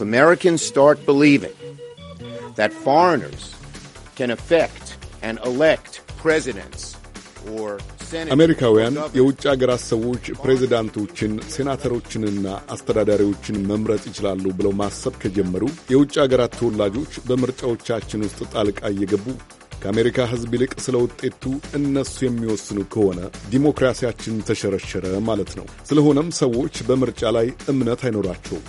Americans start believing that foreigners can affect and elect presidents or አሜሪካውያን የውጭ አገራት ሰዎች ፕሬዚዳንቶችን፣ ሴናተሮችንና አስተዳዳሪዎችን መምረጥ ይችላሉ ብለው ማሰብ ከጀመሩ የውጭ አገራት ተወላጆች በምርጫዎቻችን ውስጥ ጣልቃ እየገቡ ከአሜሪካ ሕዝብ ይልቅ ስለ ውጤቱ እነሱ የሚወስኑ ከሆነ ዲሞክራሲያችን ተሸረሸረ ማለት ነው። ስለሆነም ሰዎች በምርጫ ላይ እምነት አይኖራቸውም።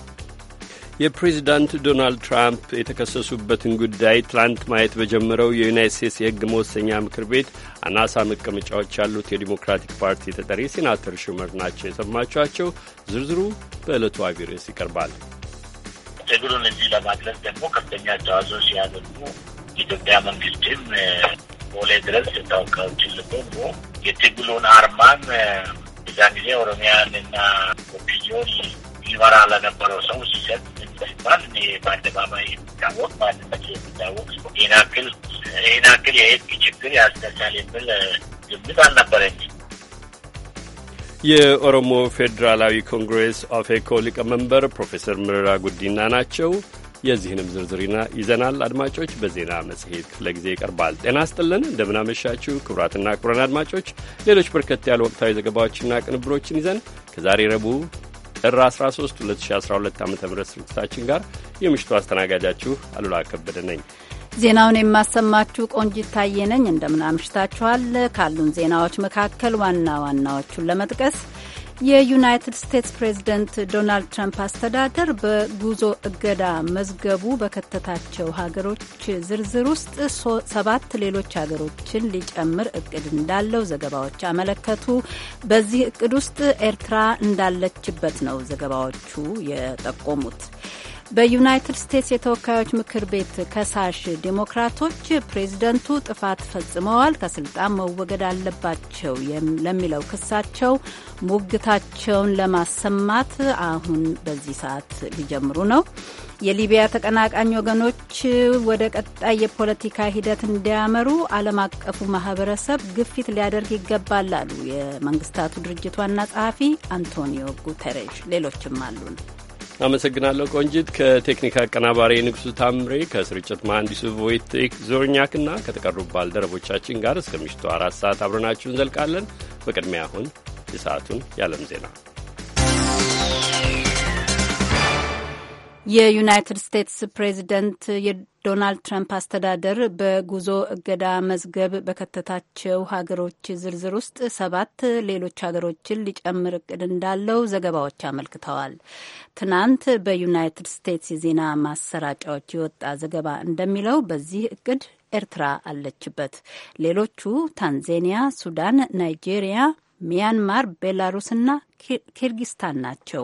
የፕሬዚዳንት ዶናልድ ትራምፕ የተከሰሱበትን ጉዳይ ትላንት ማየት በጀመረው የዩናይት ስቴትስ የሕግ መወሰኛ ምክር ቤት አናሳ መቀመጫዎች ያሉት የዲሞክራቲክ ፓርቲ ተጠሪ ሴናተር ሹመር ናቸው የሰማችኋቸው። ዝርዝሩ በዕለቱ አቢርስ ይቀርባል። ትግሉን እዚህ ለማድረስ ደግሞ ከፍተኛ ተዋጽኦ ሲያደርጉ የኢትዮጵያ መንግስትም ቦሌ ድረስ ተወካዮችን ልኮ የትግሉን አርማን እዛ ጊዜ ኦሮሚያንና ኦፒዮን ይመራ ለነበረው ሰው ሲሰጥ ሲባል በአደባባይ የሚታወቅ ማንነት የሚታወቅ ይናክል ይናክል የህግ ችግር ያስነሳል የሚል ግምት አልነበረኝ። የኦሮሞ ፌዴራላዊ ኮንግሬስ ኦፌኮ ሊቀመንበር ፕሮፌሰር መረራ ጉዲና ናቸው። የዚህንም ዝርዝር ይዘናል አድማጮች፣ በዜና መጽሔት ክፍለ ጊዜ ይቀርባል። ጤና ስጥልን፣ እንደምናመሻችሁ ክቡራትና ክቡራን አድማጮች፣ ሌሎች በርከት ያሉ ወቅታዊ ዘገባዎችና ቅንብሮችን ይዘን ከዛሬ ረቡዕ ጥር 13 2012 ዓ ም ስርጭታችን ጋር የምሽቱ አስተናጋጃችሁ አሉላ ከበደ ነኝ። ዜናውን የማሰማችሁ ቆንጂት ታየ ነኝ። አምሽታችኋል? ካሉን ዜናዎች መካከል ዋና ዋናዎቹን ለመጥቀስ የዩናይትድ ስቴትስ ፕሬዝደንት ዶናልድ ትራምፕ አስተዳደር በጉዞ እገዳ መዝገቡ በከተታቸው ሀገሮች ዝርዝር ውስጥ ሰባት ሌሎች ሀገሮችን ሊጨምር እቅድ እንዳለው ዘገባዎች አመለከቱ። በዚህ እቅድ ውስጥ ኤርትራ እንዳለችበት ነው ዘገባዎቹ የጠቆሙት። በዩናይትድ ስቴትስ የተወካዮች ምክር ቤት ከሳሽ ዴሞክራቶች ፕሬዝደንቱ ጥፋት ፈጽመዋል፣ ከስልጣን መወገድ አለባቸው ለሚለው ክሳቸው ሙግታቸውን ለማሰማት አሁን በዚህ ሰዓት ሊጀምሩ ነው። የሊቢያ ተቀናቃኝ ወገኖች ወደ ቀጣይ የፖለቲካ ሂደት እንዲያመሩ ዓለም አቀፉ ማህበረሰብ ግፊት ሊያደርግ ይገባል አሉ የመንግስታቱ ድርጅት ዋና ጸሐፊ አንቶኒዮ ጉተሬሽ። ሌሎችም አሉን። አመሰግናለሁ ቆንጂት። ከቴክኒክ አቀናባሪ ንጉሱ ታምሬ ከስርጭት መሐንዲሱ ቮይቴክ ዞርኛክና ከተቀሩ ባልደረቦቻችን ጋር እስከ ምሽቱ አራት ሰዓት አብረናችሁ እንዘልቃለን። በቅድሚያ አሁን የሰዓቱን የዓለም ዜና የዩናይትድ ስቴትስ ፕሬዚደንት የዶናልድ ትራምፕ አስተዳደር በጉዞ እገዳ መዝገብ በከተታቸው ሀገሮች ዝርዝር ውስጥ ሰባት ሌሎች ሀገሮችን ሊጨምር እቅድ እንዳለው ዘገባዎች አመልክተዋል። ትናንት በዩናይትድ ስቴትስ የዜና ማሰራጫዎች የወጣ ዘገባ እንደሚለው በዚህ እቅድ ኤርትራ አለችበት። ሌሎቹ ታንዛኒያ፣ ሱዳን፣ ናይጄሪያ፣ ሚያንማር፣ ቤላሩስና ኪርጊስታን ናቸው።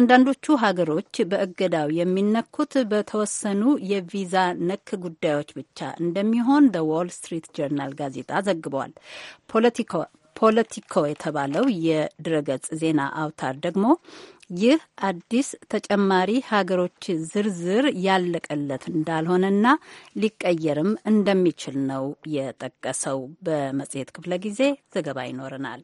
አንዳንዶቹ ሀገሮች በእገዳው የሚነኩት በተወሰኑ የቪዛ ነክ ጉዳዮች ብቻ እንደሚሆን ዘ ዎል ስትሪት ጀርናል ጋዜጣ ዘግቧል። ፖለቲኮ የተባለው የድረገጽ ዜና አውታር ደግሞ ይህ አዲስ ተጨማሪ ሀገሮች ዝርዝር ያለቀለት እንዳልሆነና ሊቀየርም እንደሚችል ነው የጠቀሰው። በመጽሔት ክፍለ ጊዜ ዘገባ ይኖረናል።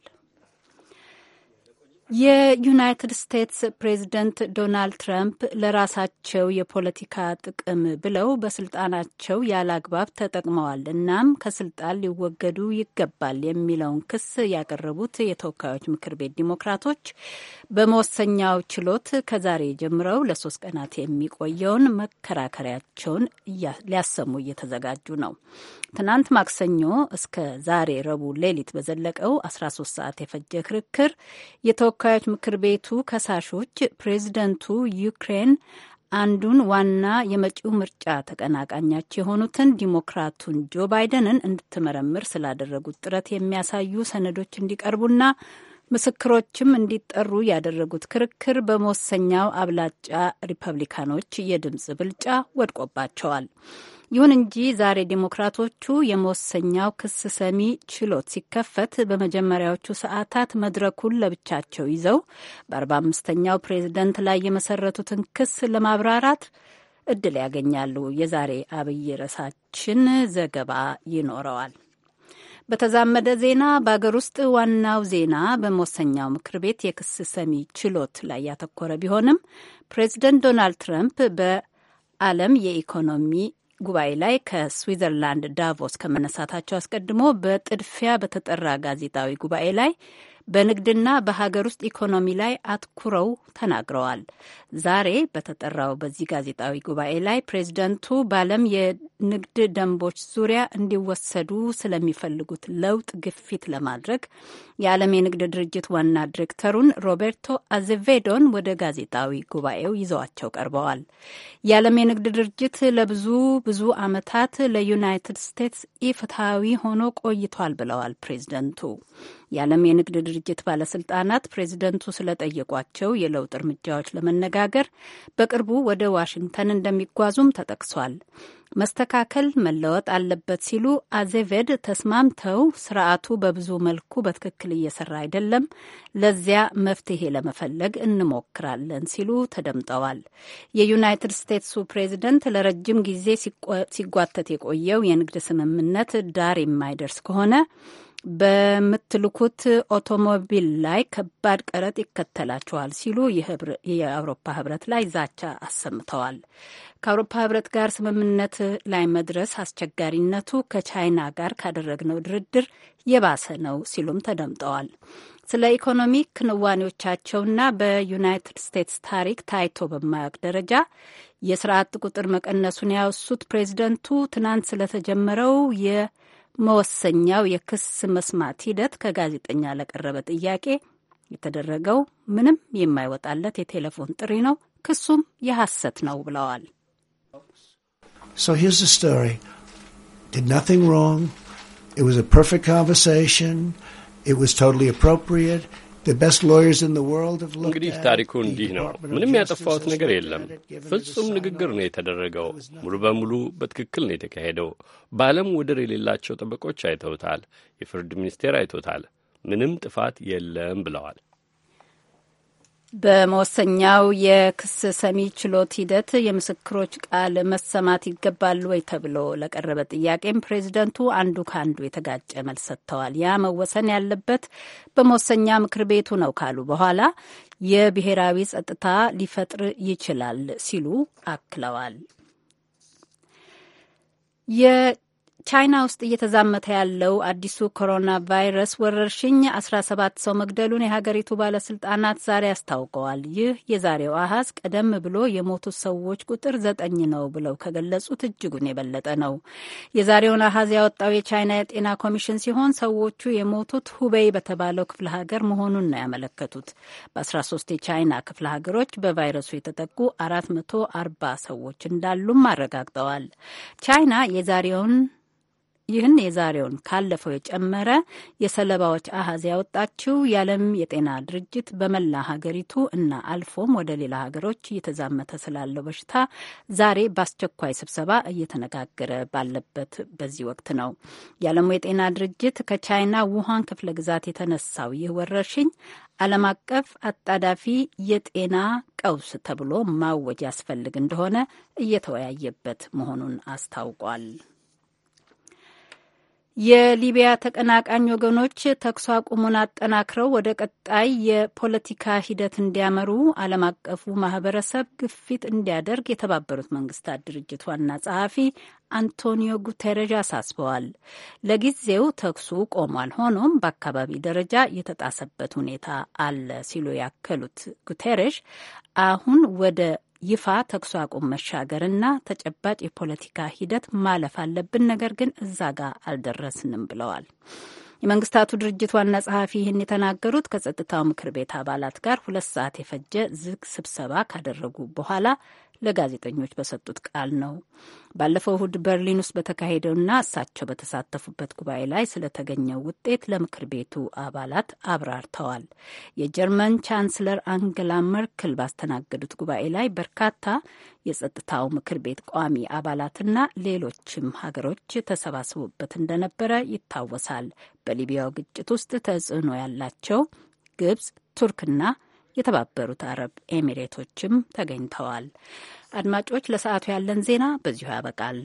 የዩናይትድ ስቴትስ ፕሬዝደንት ዶናልድ ትራምፕ ለራሳቸው የፖለቲካ ጥቅም ብለው በስልጣናቸው ያለ አግባብ ተጠቅመዋል እናም ከስልጣን ሊወገዱ ይገባል የሚለውን ክስ ያቀረቡት የተወካዮች ምክር ቤት ዲሞክራቶች በመወሰኛው ችሎት ከዛሬ ጀምረው ለሶስት ቀናት የሚቆየውን መከራከሪያቸውን ሊያሰሙ እየተዘጋጁ ነው። ትናንት ማክሰኞ እስከ ዛሬ ረቡዕ ሌሊት በዘለቀው 13 ሰዓት የፈጀ ክርክር የተወካዮች ምክር ቤቱ ከሳሾች ፕሬዚደንቱ ዩክሬን አንዱን ዋና የመጪው ምርጫ ተቀናቃኛች የሆኑትን ዲሞክራቱን ጆ ባይደንን እንድትመረምር ስላደረጉት ጥረት የሚያሳዩ ሰነዶች እንዲቀርቡና ምስክሮችም እንዲጠሩ ያደረጉት ክርክር በመወሰኛው አብላጫ ሪፐብሊካኖች የድምፅ ብልጫ ወድቆባቸዋል። ይሁን እንጂ ዛሬ ዴሞክራቶቹ የመወሰኛው ክስ ሰሚ ችሎት ሲከፈት በመጀመሪያዎቹ ሰዓታት መድረኩን ለብቻቸው ይዘው በ45ኛው ፕሬዝደንት ላይ የመሰረቱትን ክስ ለማብራራት እድል ያገኛሉ። የዛሬ አብይ ርዕሳችን ዘገባ ይኖረዋል። በተዛመደ ዜና በአገር ውስጥ ዋናው ዜና በመወሰኛው ምክር ቤት የክስ ሰሚ ችሎት ላይ ያተኮረ ቢሆንም ፕሬዚደንት ዶናልድ ትራምፕ በዓለም የኢኮኖሚ ጉባኤ ላይ ከስዊዘርላንድ ዳቮስ ከመነሳታቸው አስቀድሞ በጥድፊያ በተጠራ ጋዜጣዊ ጉባኤ ላይ በንግድና በሀገር ውስጥ ኢኮኖሚ ላይ አትኩረው ተናግረዋል። ዛሬ በተጠራው በዚህ ጋዜጣዊ ጉባኤ ላይ ፕሬዚደንቱ በዓለም የንግድ ደንቦች ዙሪያ እንዲወሰዱ ስለሚፈልጉት ለውጥ ግፊት ለማድረግ የዓለም የንግድ ድርጅት ዋና ዲሬክተሩን ሮቤርቶ አዘቬዶን ወደ ጋዜጣዊ ጉባኤው ይዘዋቸው ቀርበዋል። የዓለም የንግድ ድርጅት ለብዙ ብዙ ዓመታት ለዩናይትድ ስቴትስ ኢፍትሐዊ ሆኖ ቆይቷል ብለዋል ፕሬዚደንቱ የዓለም የንግድ ድርጅት ባለስልጣናት ፕሬዚደንቱ ስለጠየቋቸው የለውጥ እርምጃዎች ለመነጋገር በቅርቡ ወደ ዋሽንግተን እንደሚጓዙም ተጠቅሷል። መስተካከል መለወጥ አለበት ሲሉ አዜቬድ ተስማምተው ስርዓቱ በብዙ መልኩ በትክክል እየሰራ አይደለም፣ ለዚያ መፍትሄ ለመፈለግ እንሞክራለን ሲሉ ተደምጠዋል። የዩናይትድ ስቴትሱ ፕሬዚደንት ለረጅም ጊዜ ሲጓተት የቆየው የንግድ ስምምነት ዳር የማይደርስ ከሆነ በምትልኩት ኦቶሞቢል ላይ ከባድ ቀረጥ ይከተላችኋል ሲሉ የአውሮፓ ህብረት ላይ ዛቻ አሰምተዋል። ከአውሮፓ ህብረት ጋር ስምምነት ላይ መድረስ አስቸጋሪነቱ ከቻይና ጋር ካደረግነው ድርድር የባሰ ነው ሲሉም ተደምጠዋል። ስለ ኢኮኖሚ ክንዋኔዎቻቸውና በዩናይትድ ስቴትስ ታሪክ ታይቶ በማያውቅ ደረጃ የስራ አጥ ቁጥር መቀነሱን ያወሱት ፕሬዚደንቱ ትናንት ስለተጀመረው የ መወሰኛው የክስ መስማት ሂደት ከጋዜጠኛ ለቀረበ ጥያቄ የተደረገው ምንም የማይወጣለት የቴሌፎን ጥሪ ነው። ክሱም የሐሰት ነው ብለዋል። እንግዲህ ታሪኩ እንዲህ ነው። ምንም ያጠፋሁት ነገር የለም። ፍጹም ንግግር ነው የተደረገው። ሙሉ በሙሉ በትክክል ነው የተካሄደው። በዓለም ወደር የሌላቸው ጠበቆች አይተውታል። የፍርድ ሚኒስቴር አይቶታል። ምንም ጥፋት የለም ብለዋል። በመወሰኛው የክስ ሰሚ ችሎት ሂደት የምስክሮች ቃል መሰማት ይገባል ወይ ተብሎ ለቀረበ ጥያቄም ፕሬዚደንቱ አንዱ ከአንዱ የተጋጨ መልስ ሰጥተዋል። ያ መወሰን ያለበት በመወሰኛ ምክር ቤቱ ነው ካሉ በኋላ የብሔራዊ ጸጥታ ሊፈጥር ይችላል ሲሉ አክለዋል። ቻይና ውስጥ እየተዛመተ ያለው አዲሱ ኮሮና ቫይረስ ወረርሽኝ 17 ሰው መግደሉን የሀገሪቱ ባለስልጣናት ዛሬ አስታውቀዋል። ይህ የዛሬው አሃዝ ቀደም ብሎ የሞቱ ሰዎች ቁጥር ዘጠኝ ነው ብለው ከገለጹት እጅጉን የበለጠ ነው። የዛሬውን አሃዝ ያወጣው የቻይና የጤና ኮሚሽን ሲሆን ሰዎቹ የሞቱት ሁቤይ በተባለው ክፍለ ሀገር መሆኑን ነው ያመለከቱት። በ13 የቻይና ክፍለ ሀገሮች በቫይረሱ የተጠቁ 440 ሰዎች እንዳሉም አረጋግጠዋል። ቻይና የዛሬውን ይህን የዛሬውን ካለፈው የጨመረ የሰለባዎች አሀዝ ያወጣችው የዓለም የጤና ድርጅት በመላ ሀገሪቱ እና አልፎም ወደ ሌላ ሀገሮች እየተዛመተ ስላለው በሽታ ዛሬ በአስቸኳይ ስብሰባ እየተነጋገረ ባለበት በዚህ ወቅት ነው። የዓለሙ የጤና ድርጅት ከቻይና ውሃን ክፍለ ግዛት የተነሳው ይህ ወረርሽኝ ዓለም አቀፍ አጣዳፊ የጤና ቀውስ ተብሎ ማወጅ ያስፈልግ እንደሆነ እየተወያየበት መሆኑን አስታውቋል። የሊቢያ ተቀናቃኝ ወገኖች ተኩስ አቁሙን አጠናክረው ወደ ቀጣይ የፖለቲካ ሂደት እንዲያመሩ ዓለም አቀፉ ማህበረሰብ ግፊት እንዲያደርግ የተባበሩት መንግስታት ድርጅት ዋና ጸሐፊ አንቶኒዮ ጉተረዥ አሳስበዋል። ለጊዜው ተኩሱ ቆሟል፣ ሆኖም በአካባቢ ደረጃ የተጣሰበት ሁኔታ አለ ሲሉ ያከሉት ጉተረዥ አሁን ወደ ይፋ ተኩስ አቁም መሻገርና ተጨባጭ የፖለቲካ ሂደት ማለፍ አለብን፣ ነገር ግን እዛ ጋር አልደረስንም ብለዋል። የመንግስታቱ ድርጅት ዋና ጸሐፊ ይህን የተናገሩት ከጸጥታው ምክር ቤት አባላት ጋር ሁለት ሰዓት የፈጀ ዝግ ስብሰባ ካደረጉ በኋላ ለጋዜጠኞች በሰጡት ቃል ነው። ባለፈው እሁድ በርሊን ውስጥ በተካሄደውና እሳቸው በተሳተፉበት ጉባኤ ላይ ስለተገኘው ውጤት ለምክር ቤቱ አባላት አብራርተዋል። የጀርመን ቻንስለር አንገላ መርክል ባስተናገዱት ጉባኤ ላይ በርካታ የጸጥታው ምክር ቤት ቋሚ አባላትና ሌሎችም ሀገሮች ተሰባስቡበት እንደነበረ ይታወሳል። በሊቢያው ግጭት ውስጥ ተጽዕኖ ያላቸው ግብጽ፣ ቱርክና የተባበሩት አረብ ኤሚሬቶችም ተገኝተዋል። አድማጮች፣ ለሰዓቱ ያለን ዜና በዚሁ ያበቃል።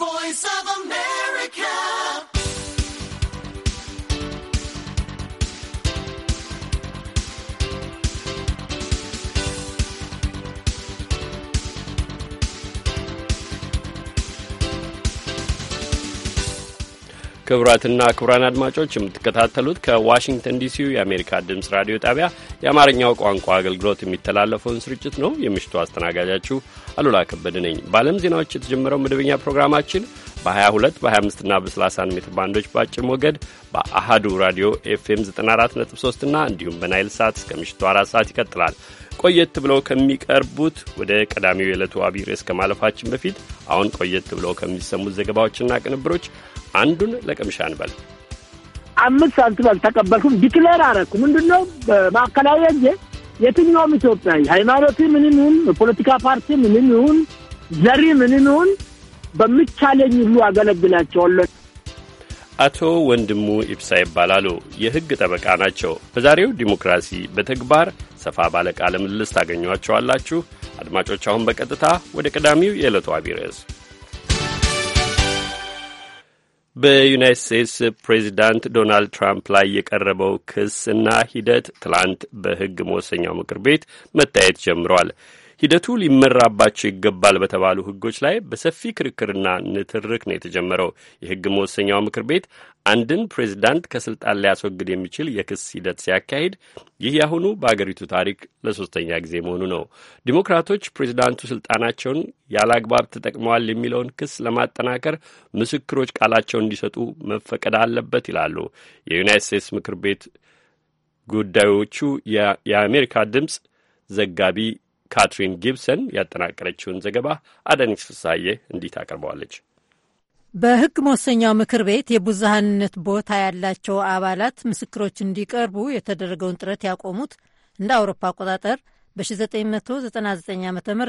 ቮይስ ኦፍ አሜሪካ ክቡራትና ክቡራን አድማጮች የምትከታተሉት ከዋሽንግተን ዲሲው የአሜሪካ ድምፅ ራዲዮ ጣቢያ የአማርኛው ቋንቋ አገልግሎት የሚተላለፈውን ስርጭት ነው። የምሽቱ አስተናጋጃችሁ አሉላ ከበደ ነኝ። በዓለም ዜናዎች የተጀመረው መደበኛ ፕሮግራማችን በ22 በ25ና በ31 ሜትር ባንዶች በአጭር ሞገድ በአሃዱ ራዲዮ ኤፍኤም 94.3 እና እንዲሁም በናይል ሳት እስከ ምሽቱ አራት ሰዓት ይቀጥላል። ቆየት ብለው ከሚቀርቡት ወደ ቀዳሚው የዕለቱ አብይ ርዕስ ከማለፋችን በፊት አሁን ቆየት ብለው ከሚሰሙት ዘገባዎችና ቅንብሮች አንዱን ለቅምሻ እንበል። አምስት ሳንቲበል ተቀበልኩም ዲክሌር አረኩ። ምንድን ነው በማዕከላዊ እጄ የትኛውም ኢትዮጵያዊ ሃይማኖት ምንም ይሁን የፖለቲካ ፓርቲ ምንም ይሁን ዘሪ ምንም ይሁን በሚቻለኝ ሁሉ አገለግላቸዋለሁ። አቶ ወንድሙ ኢብሳ ይባላሉ። የሕግ ጠበቃ ናቸው። በዛሬው ዲሞክራሲ በተግባር ሰፋ ባለ ቃለ ምልልስ ታገኟቸዋላችሁ። አድማጮች፣ አሁን በቀጥታ ወደ ቀዳሚው የዕለቱ አቢይ ርዕስ በዩናይት ስቴትስ ፕሬዚዳንት ዶናልድ ትራምፕ ላይ የቀረበው ክስና ሂደት ትላንት በሕግ መወሰኛው ምክር ቤት መታየት ጀምሯል። ሂደቱ ሊመራባቸው ይገባል በተባሉ ህጎች ላይ በሰፊ ክርክርና ንትርክ ነው የተጀመረው። የህግ መወሰኛው ምክር ቤት አንድን ፕሬዚዳንት ከስልጣን ሊያስወግድ የሚችል የክስ ሂደት ሲያካሂድ ይህ ያሁኑ በአገሪቱ ታሪክ ለሶስተኛ ጊዜ መሆኑ ነው። ዲሞክራቶች ፕሬዚዳንቱ ስልጣናቸውን ያለ አግባብ ተጠቅመዋል የሚለውን ክስ ለማጠናከር ምስክሮች ቃላቸውን እንዲሰጡ መፈቀድ አለበት ይላሉ። የዩናይት ስቴትስ ምክር ቤት ጉዳዮቹ የአሜሪካ ድምፅ ዘጋቢ ካትሪን ጊብሰን ያጠናቀረችውን ዘገባ አዳኒት ፍሳዬ እንዲህ ታቀርበዋለች። በሕግ መወሰኛው ምክር ቤት የብዝሃንነት ቦታ ያላቸው አባላት ምስክሮች እንዲቀርቡ የተደረገውን ጥረት ያቆሙት እንደ አውሮፓ አቆጣጠር በ1999 ዓ ም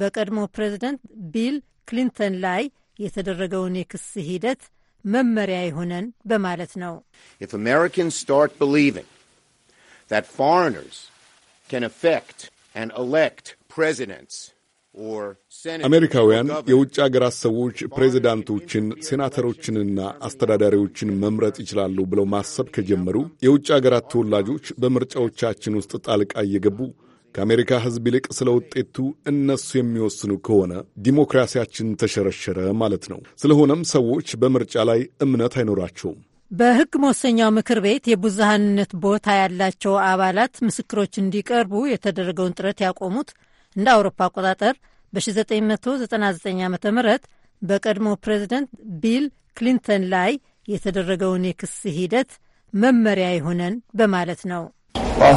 በቀድሞ ፕሬዚደንት ቢል ክሊንተን ላይ የተደረገውን የክስ ሂደት መመሪያ ይሆነን በማለት ነው። ኢፍ አሜሪካንስ ስታርት ቢሊቪንግ ዛት ፎሬነርስ ካን አፌክት አሜሪካውያን የውጭ አገራት ሰዎች ፕሬዚዳንቶችን፣ ሴናተሮችንና አስተዳዳሪዎችን መምረጥ ይችላሉ ብለው ማሰብ ከጀመሩ የውጭ አገራት ተወላጆች በምርጫዎቻችን ውስጥ ጣልቃ እየገቡ ከአሜሪካ ሕዝብ ይልቅ ስለ ውጤቱ እነሱ የሚወስኑ ከሆነ ዲሞክራሲያችን ተሸረሸረ ማለት ነው። ስለሆነም ሰዎች በምርጫ ላይ እምነት አይኖራቸውም። በሕግ መወሰኛው ምክር ቤት የብዝሃንነት ቦታ ያላቸው አባላት ምስክሮች እንዲቀርቡ የተደረገውን ጥረት ያቆሙት እንደ አውሮፓ አቆጣጠር በ1999 ዓ ም በቀድሞ ፕሬዚደንት ቢል ክሊንተን ላይ የተደረገውን የክስ ሂደት መመሪያ ይሆነን በማለት ነው። Uh,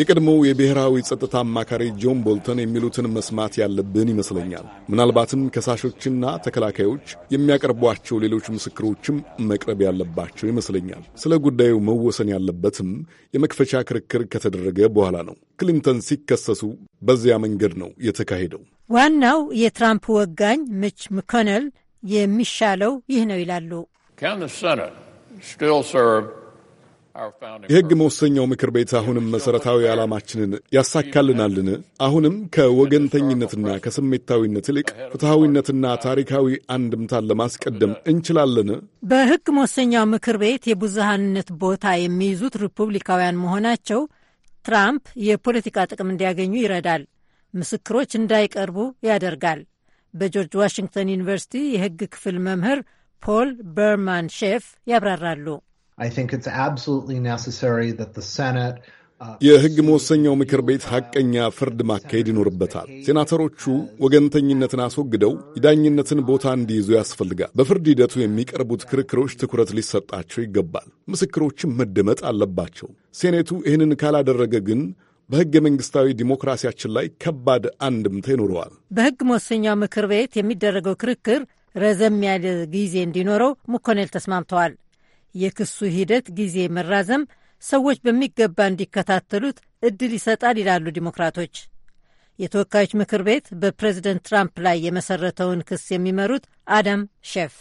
የቀድሞው የብሔራዊ ጸጥታ አማካሪ ጆን ቦልተን የሚሉትን መስማት ያለብን ይመስለኛል። ምናልባትም ከሳሾችና ተከላካዮች የሚያቀርቧቸው ሌሎች ምስክሮችም መቅረብ ያለባቸው ይመስለኛል። ስለ ጉዳዩ መወሰን ያለበትም የመክፈቻ ክርክር ከተደረገ በኋላ ነው። ክሊንተን ሲከሰሱ በዚያ መንገድ ነው የተካሄደው። ዋናው የትራምፕ ወጋኝ ምች መኮነል የሚሻለው ይህ ነው ይላሉ። የሕግ መወሰኛው ምክር ቤት አሁንም መሠረታዊ ዓላማችንን ያሳካልናልን? አሁንም ከወገንተኝነትና ከስሜታዊነት ይልቅ ፍትሐዊነትና ታሪካዊ አንድምታን ለማስቀደም እንችላለን? በሕግ መወሰኛው ምክር ቤት የብዙሃንነት ቦታ የሚይዙት ሪፑብሊካውያን መሆናቸው ትራምፕ የፖለቲካ ጥቅም እንዲያገኙ ይረዳል፣ ምስክሮች እንዳይቀርቡ ያደርጋል። በጆርጅ ዋሽንግተን ዩኒቨርሲቲ የሕግ ክፍል መምህር ፖል በርማን ሼፍ ያብራራሉ። Uh, የሕግ መወሰኛው ምክር ቤት ሐቀኛ ፍርድ ማካሄድ ይኖርበታል። ሴናተሮቹ ወገንተኝነትን አስወግደው የዳኝነትን ቦታ እንዲይዙ ያስፈልጋል። በፍርድ ሂደቱ የሚቀርቡት ክርክሮች ትኩረት ሊሰጣቸው ይገባል። ምስክሮችም መደመጥ አለባቸው። ሴኔቱ ይህንን ካላደረገ ግን በሕገ መንግሥታዊ ዲሞክራሲያችን ላይ ከባድ አንድምታ ይኖረዋል። በሕግ መወሰኛው ምክር ቤት የሚደረገው ክርክር ረዘም ያለ ጊዜ እንዲኖረው ምኮኔል ተስማምተዋል። የክሱ ሂደት ጊዜ መራዘም ሰዎች በሚገባ እንዲከታተሉት እድል ይሰጣል ይላሉ ዲሞክራቶች። የተወካዮች ምክር ቤት በፕሬዝደንት ትራምፕ ላይ የመሰረተውን ክስ የሚመሩት አዳም ሼፍ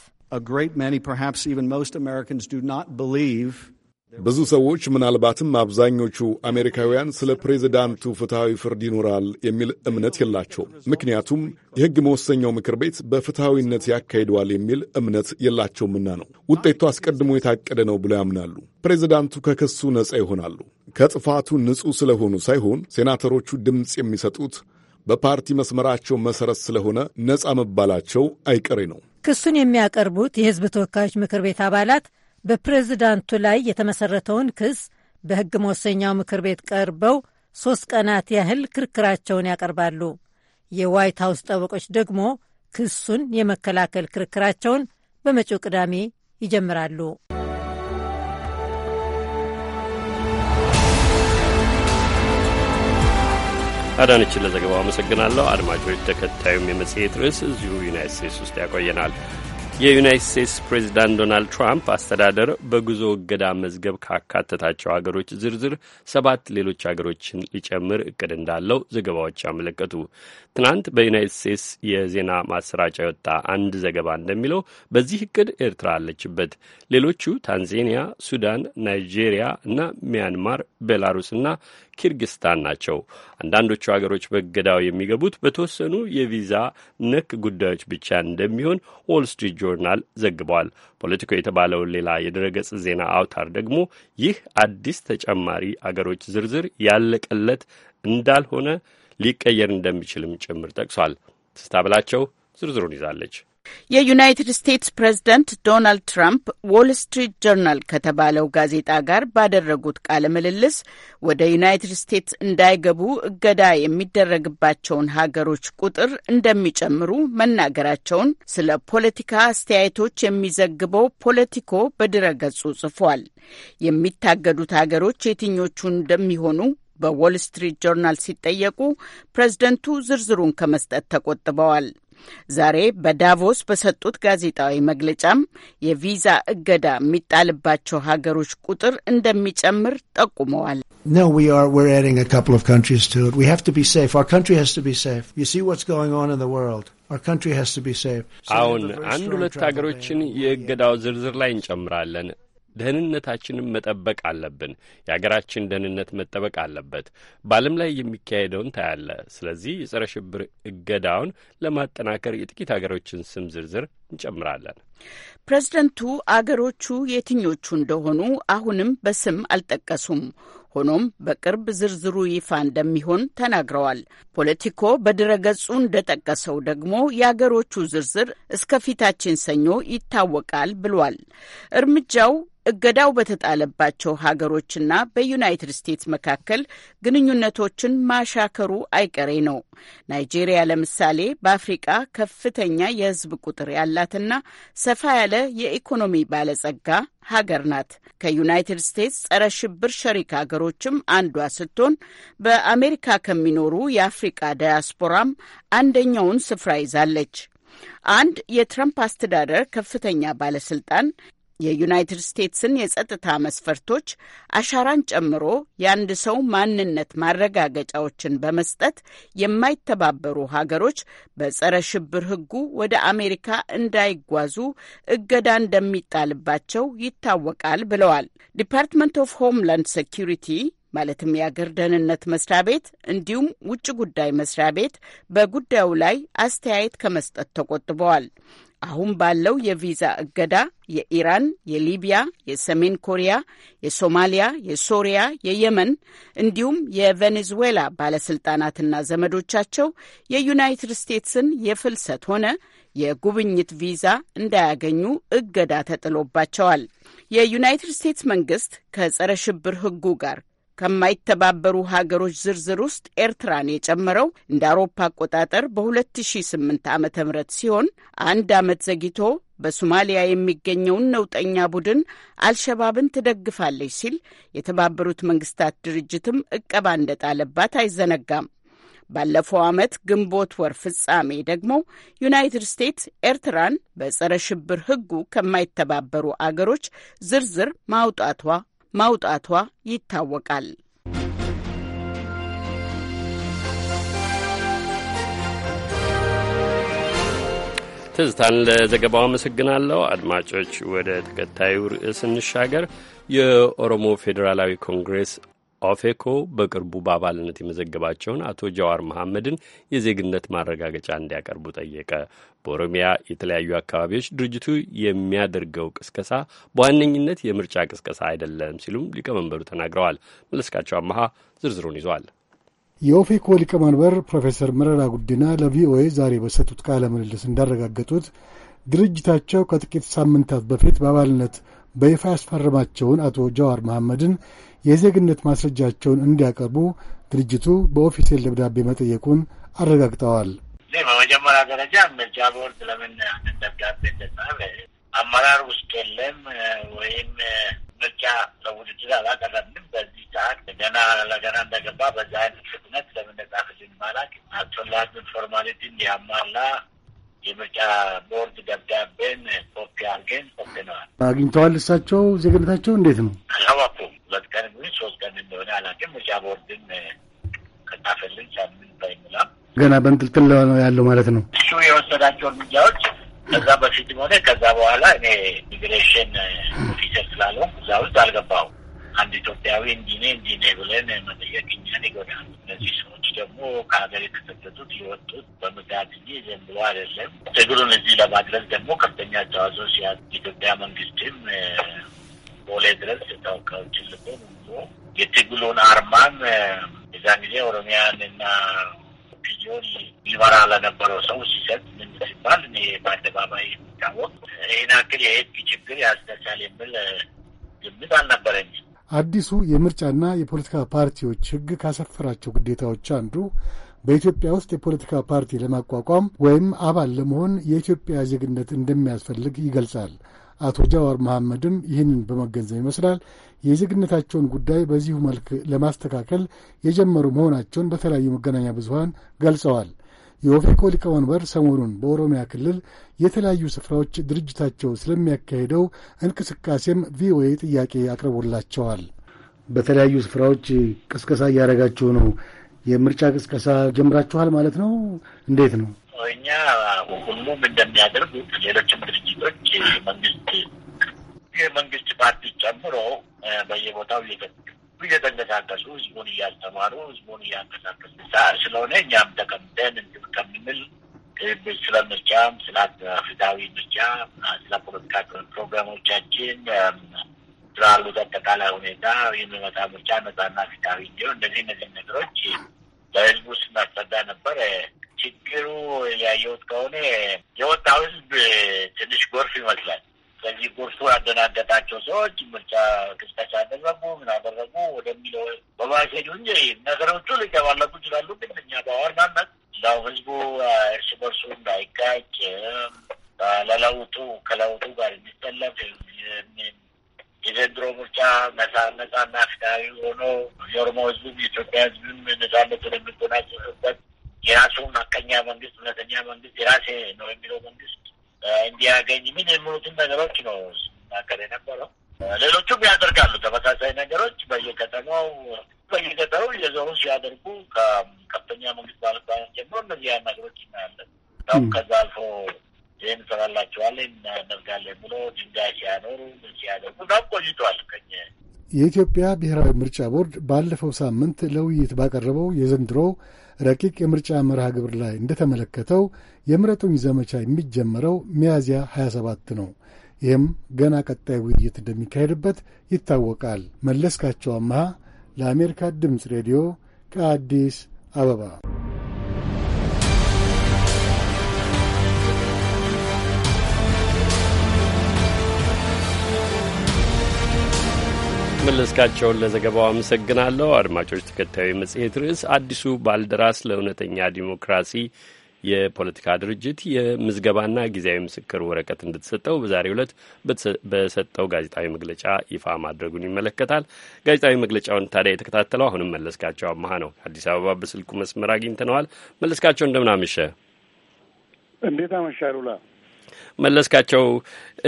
ብዙ ሰዎች ምናልባትም አብዛኞቹ አሜሪካውያን ስለ ፕሬዚዳንቱ ፍትሐዊ ፍርድ ይኖራል የሚል እምነት የላቸውም። ምክንያቱም የሕግ መወሰኛው ምክር ቤት በፍትሐዊነት ያካሂደዋል የሚል እምነት የላቸውምና ነው። ውጤቱ አስቀድሞ የታቀደ ነው ብለው ያምናሉ። ፕሬዚዳንቱ ከክሱ ነጻ ይሆናሉ። ከጥፋቱ ንጹሕ ስለሆኑ ሳይሆን ሴናተሮቹ ድምፅ የሚሰጡት በፓርቲ መስመራቸው መሠረት ስለሆነ ነጻ መባላቸው አይቀሬ ነው። ክሱን የሚያቀርቡት የሕዝብ ተወካዮች ምክር ቤት አባላት በፕሬዝዳንቱ ላይ የተመሰረተውን ክስ በሕግ መወሰኛው ምክር ቤት ቀርበው ሦስት ቀናት ያህል ክርክራቸውን ያቀርባሉ። የዋይት ሀውስ ጠበቆች ደግሞ ክሱን የመከላከል ክርክራቸውን በመጪው ቅዳሜ ይጀምራሉ። አዳነችን ለዘገባው አመሰግናለሁ። አድማጮች፣ ተከታዩም የመጽሔት ርዕስ እዚሁ ዩናይት ስቴትስ ውስጥ ያቆየናል። የዩናይት ስቴትስ ፕሬዚዳንት ዶናልድ ትራምፕ አስተዳደር በጉዞ እገዳ መዝገብ ካካተታቸው ሀገሮች ዝርዝር ሰባት ሌሎች ሀገሮችን ሊጨምር እቅድ እንዳለው ዘገባዎች አመለከቱ። ትናንት በዩናይት ስቴትስ የዜና ማሰራጫ የወጣ አንድ ዘገባ እንደሚለው በዚህ እቅድ ኤርትራ አለችበት። ሌሎቹ ታንዛኒያ፣ ሱዳን፣ ናይጄሪያ እና ሚያንማር፣ ቤላሩስ እና ኪርጊስታን ናቸው። አንዳንዶቹ ሀገሮች በእገዳው የሚገቡት በተወሰኑ የቪዛ ነክ ጉዳዮች ብቻ እንደሚሆን ዎል ጆርናል ዘግቧል። ፖለቲኮ የተባለውን ሌላ የድረገጽ ዜና አውታር ደግሞ ይህ አዲስ ተጨማሪ አገሮች ዝርዝር ያለቀለት እንዳልሆነ ሊቀየር እንደሚችልም ጭምር ጠቅሷል። ትስታ ብላቸው ዝርዝሩን ይዛለች። የዩናይትድ ስቴትስ ፕሬዝደንት ዶናልድ ትራምፕ ዎል ስትሪት ጆርናል ከተባለው ጋዜጣ ጋር ባደረጉት ቃለ ምልልስ ወደ ዩናይትድ ስቴትስ እንዳይገቡ እገዳ የሚደረግባቸውን ሀገሮች ቁጥር እንደሚጨምሩ መናገራቸውን ስለ ፖለቲካ አስተያየቶች የሚዘግበው ፖለቲኮ በድረገጹ ጽፏል። የሚታገዱት ሀገሮች የትኞቹ እንደሚሆኑ በዎል ስትሪት ጆርናል ሲጠየቁ ፕሬዝደንቱ ዝርዝሩን ከመስጠት ተቆጥበዋል። ዛሬ በዳቮስ በሰጡት ጋዜጣዊ መግለጫም የቪዛ እገዳ የሚጣልባቸው ሀገሮች ቁጥር እንደሚጨምር ጠቁመዋል። አሁን አንድ ሁለት ሀገሮችን የእገዳው ዝርዝር ላይ እንጨምራለን። ደህንነታችንም መጠበቅ አለብን። የአገራችን ደህንነት መጠበቅ አለበት። በዓለም ላይ የሚካሄደውን ታያለ። ስለዚህ የጸረ ሽብር እገዳውን ለማጠናከር የጥቂት ሀገሮችን ስም ዝርዝር እንጨምራለን። ፕሬዝደንቱ አገሮቹ የትኞቹ እንደሆኑ አሁንም በስም አልጠቀሱም። ሆኖም በቅርብ ዝርዝሩ ይፋ እንደሚሆን ተናግረዋል። ፖለቲኮ በድረገጹ እንደጠቀሰው ደግሞ የአገሮቹ ዝርዝር እስከ ፊታችን ሰኞ ይታወቃል ብሏል። እርምጃው እገዳው በተጣለባቸው ሀገሮችና በዩናይትድ ስቴትስ መካከል ግንኙነቶችን ማሻከሩ አይቀሬ ነው። ናይጄሪያ ለምሳሌ በአፍሪቃ ከፍተኛ የሕዝብ ቁጥር ያላትና ሰፋ ያለ የኢኮኖሚ ባለጸጋ ሀገር ናት። ከዩናይትድ ስቴትስ ጸረ ሽብር ሸሪክ ሀገሮችም አንዷ ስትሆን በአሜሪካ ከሚኖሩ የአፍሪቃ ዳያስፖራም አንደኛውን ስፍራ ይዛለች። አንድ የትራምፕ አስተዳደር ከፍተኛ ባለስልጣን የዩናይትድ ስቴትስን የጸጥታ መስፈርቶች አሻራን ጨምሮ የአንድ ሰው ማንነት ማረጋገጫዎችን በመስጠት የማይተባበሩ ሀገሮች በጸረ ሽብር ሕጉ ወደ አሜሪካ እንዳይጓዙ እገዳ እንደሚጣልባቸው ይታወቃል ብለዋል። ዲፓርትመንት ኦፍ ሆምላንድ ሴኪሪቲ ማለትም የአገር ደህንነት መስሪያ ቤት እንዲሁም ውጭ ጉዳይ መስሪያ ቤት በጉዳዩ ላይ አስተያየት ከመስጠት ተቆጥበዋል። አሁን ባለው የቪዛ እገዳ የኢራን፣ የሊቢያ፣ የሰሜን ኮሪያ፣ የሶማሊያ፣ የሶሪያ፣ የየመን እንዲሁም የቬኔዙዌላ ባለስልጣናትና ዘመዶቻቸው የዩናይትድ ስቴትስን የፍልሰት ሆነ የጉብኝት ቪዛ እንዳያገኙ እገዳ ተጥሎባቸዋል። የዩናይትድ ስቴትስ መንግስት ከጸረ ሽብር ሕጉ ጋር ከማይተባበሩ ሀገሮች ዝርዝር ውስጥ ኤርትራን የጨመረው እንደ አውሮፓ አቆጣጠር በ2008 ዓ ም ሲሆን አንድ ዓመት ዘግይቶ በሶማሊያ የሚገኘውን ነውጠኛ ቡድን አልሸባብን ትደግፋለች ሲል የተባበሩት መንግስታት ድርጅትም ዕቀባ እንደጣለባት አይዘነጋም። ባለፈው ዓመት ግንቦት ወር ፍጻሜ ደግሞ ዩናይትድ ስቴትስ ኤርትራን በጸረ ሽብር ሕጉ ከማይተባበሩ አገሮች ዝርዝር ማውጣቷ ማውጣቷ ይታወቃል። ትዝታን ለዘገባው አመሰግናለሁ። አድማጮች፣ ወደ ተከታዩ ርዕስ እንሻገር። የኦሮሞ ፌዴራላዊ ኮንግሬስ ኦፌኮ በቅርቡ በአባልነት የመዘገባቸውን አቶ ጃዋር መሐመድን የዜግነት ማረጋገጫ እንዲያቀርቡ ጠየቀ። በኦሮሚያ የተለያዩ አካባቢዎች ድርጅቱ የሚያደርገው ቅስቀሳ በዋነኝነት የምርጫ ቅስቀሳ አይደለም ሲሉም ሊቀመንበሩ ተናግረዋል። መለስካቸው አመሀ ዝርዝሩን ይዟል። የኦፌኮ ሊቀመንበር ፕሮፌሰር መረራ ጉዲና ለቪኦኤ ዛሬ በሰጡት ቃለ ምልልስ እንዳረጋገጡት ድርጅታቸው ከጥቂት ሳምንታት በፊት በአባልነት በይፋ ያስፈረማቸውን አቶ ጀዋር መሐመድን የዜግነት ማስረጃቸውን እንዲያቀርቡ ድርጅቱ በኦፊሴል ደብዳቤ መጠየቁን አረጋግጠዋል። በመጀመሪያ ደረጃ ምርጫ ቦርድ ለምን ያንን ደብዳቤ እንደጻፈ አመራር ውስጥ የለም ወይም ምርጫ ለውድድር አላቀረብንም። በዚህ ሰዓት ገና ለገና እንደገባ በዛ አይነት ፍጥነት ለምን ጻፍልን ማለት አቶላ ፎርማሊቲ እንዲያሟላ የምርጫ ቦርድ ደብዳቤን ኮፒ አርገን ኮፕነዋል። አግኝተዋል። እሳቸው ዜግነታቸው እንዴት ነው አላወኩም። ሁለት ቀን ምን ሶስት ቀን እንደሆነ አላውቅም። ምርጫ ቦርድን ከጣፈልን ሳምንት ባይሞላም ገና በንጥልጥል ነው ያለው ማለት ነው። እሱ የወሰዳቸው እርምጃዎች ከዛ በፊትም ሆነ ከዛ በኋላ እኔ ኢሚግሬሽን ኦፊሰር ስላለው እዛ ውስጥ አልገባሁም። አንድ ኢትዮጵያዊ እንዲኔ እንዲኔ ብለን መጠየቅ እኛን ይጎዳል። እነዚህ ሰዎች ደግሞ ከሀገር የተሰደዱት የወጡት በምክንያት እንጂ ዝም ብሎ አይደለም። ትግሩን እዚህ ለማድረስ ደግሞ ከፍተኛ አስተዋጽኦ ሲያ ኢትዮጵያ መንግስትም ቦሌ ድረስ ተወካዮችን ልኮ የትግሉን አርማን የዛ ጊዜ ኦሮሚያን እና ፒዮን ሊመራ ለነበረው ሰው ሲሰጥ ምን ሲባል እኔ በአደባባይ የሚታወቅ ይህን አክል የህግ ችግር ያስነሳል የሚል ግምት አልነበረኝም። አዲሱ የምርጫና የፖለቲካ ፓርቲዎች ሕግ ካሰፈራቸው ግዴታዎች አንዱ በኢትዮጵያ ውስጥ የፖለቲካ ፓርቲ ለማቋቋም ወይም አባል ለመሆን የኢትዮጵያ ዜግነት እንደሚያስፈልግ ይገልጻል። አቶ ጃዋር መሐመድም ይህንን በመገንዘብ ይመስላል የዜግነታቸውን ጉዳይ በዚሁ መልክ ለማስተካከል የጀመሩ መሆናቸውን በተለያዩ መገናኛ ብዙኃን ገልጸዋል። የኦፌኮ ሊቀመንበር ሰሞኑን በኦሮሚያ ክልል የተለያዩ ስፍራዎች ድርጅታቸው ስለሚያካሄደው እንቅስቃሴም ቪኦኤ ጥያቄ አቅርቦላቸዋል። በተለያዩ ስፍራዎች ቅስቀሳ እያደረጋችሁ ነው። የምርጫ ቅስቀሳ ጀምራችኋል ማለት ነው? እንዴት ነው? እኛ ሁሉም እንደሚያደርጉት ሌሎችም ድርጅቶች መንግስት የመንግስት ፓርቲ ጨምሮ በየቦታው እየጠ እየተንቀሳቀሱ ህዝቡን እያስተማሩ ህዝቡን እያንቀሳቀሱ ስለሆነ እኛም ተቀምጠን እንትን ከምንል ስለ ምርጫም ስለ ፍትሃዊ ምርጫ ስለ ፖለቲካ ፕሮግራሞቻችን ስለ አጠቃላይ ሁኔታ የሚመጣ ምርጫ ነጻና ፍትሃዊ እንዲሆን እንደዚህ እነዚህ ነገሮች ለህዝቡ ስናስረዳ ነበር። ችግሩ ያየሁት ከሆነ የወጣው ህዝብ ትንሽ ጎርፍ ይመስላል። በዚህ ጎርፉ ያደናገጣቸው ሰዎች ምርጫ ቅስቀሳ ያደረጉ ምን አደረጉ ወደሚለው በባሴዱ እንጂ ነገሮቹ ሊገባለቁ ይችላሉ። ግን እኛ በዋናነት ላው ህዝቡ እርስ በርሱ እንዳይጋጭ ለለውጡ ከለውጡ ጋር የሚጠለፍ የዘንድሮ ምርጫ ነጻና ፍትሃዊ ሆኖ የኦሮሞ ህዝብም የኢትዮጵያ ህዝብም ነጻነቱን የሚጎናጸፍበት የራሱ ሀቀኛ መንግስት፣ እውነተኛ መንግስት የራሴ ነው የሚለው መንግስት እንዲያገኝ ምን የሚሉትን ነገሮች ነው ሲናገር የነበረው። ሌሎቹም ያደርጋሉ ተመሳሳይ ነገሮች በየከተማው በየገጠሩ የዞኑ ሲያደርጉ ከከፍተኛ መንግስት ባለስልጣናት ጀምሮ እነዚህ ያን ነገሮች እናያለን። ሁም ከዛ አልፎ ይህን ሰራላቸዋለን እናደርጋለን ብሎ ድንጋይ ሲያኖሩ ሲያደርጉ ናም ቆይቷል ከኝ የኢትዮጵያ ብሔራዊ ምርጫ ቦርድ ባለፈው ሳምንት ለውይይት ባቀረበው የዘንድሮ ረቂቅ የምርጫ መርሃ ግብር ላይ እንደተመለከተው የምረጡኝ ዘመቻ የሚጀመረው ሚያዝያ 27 ነው። ይህም ገና ቀጣይ ውይይት እንደሚካሄድበት ይታወቃል። መለስካቸው አመሃ ለአሜሪካ ድምፅ ሬዲዮ ከአዲስ አበባ መለስካቸውን ለዘገባው አመሰግናለሁ። አድማጮች፣ ተከታዩ መጽሔት ርዕስ አዲሱ ባልደራስ ለእውነተኛ ዲሞክራሲ የፖለቲካ ድርጅት የምዝገባና ጊዜያዊ ምስክር ወረቀት እንድትሰጠው በዛሬው ዕለት በሰጠው ጋዜጣዊ መግለጫ ይፋ ማድረጉን ይመለከታል። ጋዜጣዊ መግለጫውን ታዲያ የተከታተለው አሁንም መለስካቸው አመሃ ነው። አዲስ አበባ በስልኩ መስመር አግኝተነዋል። መለስካቸው እንደምን አመሸ? እንዴት አመሻ ሉላ መለስካቸው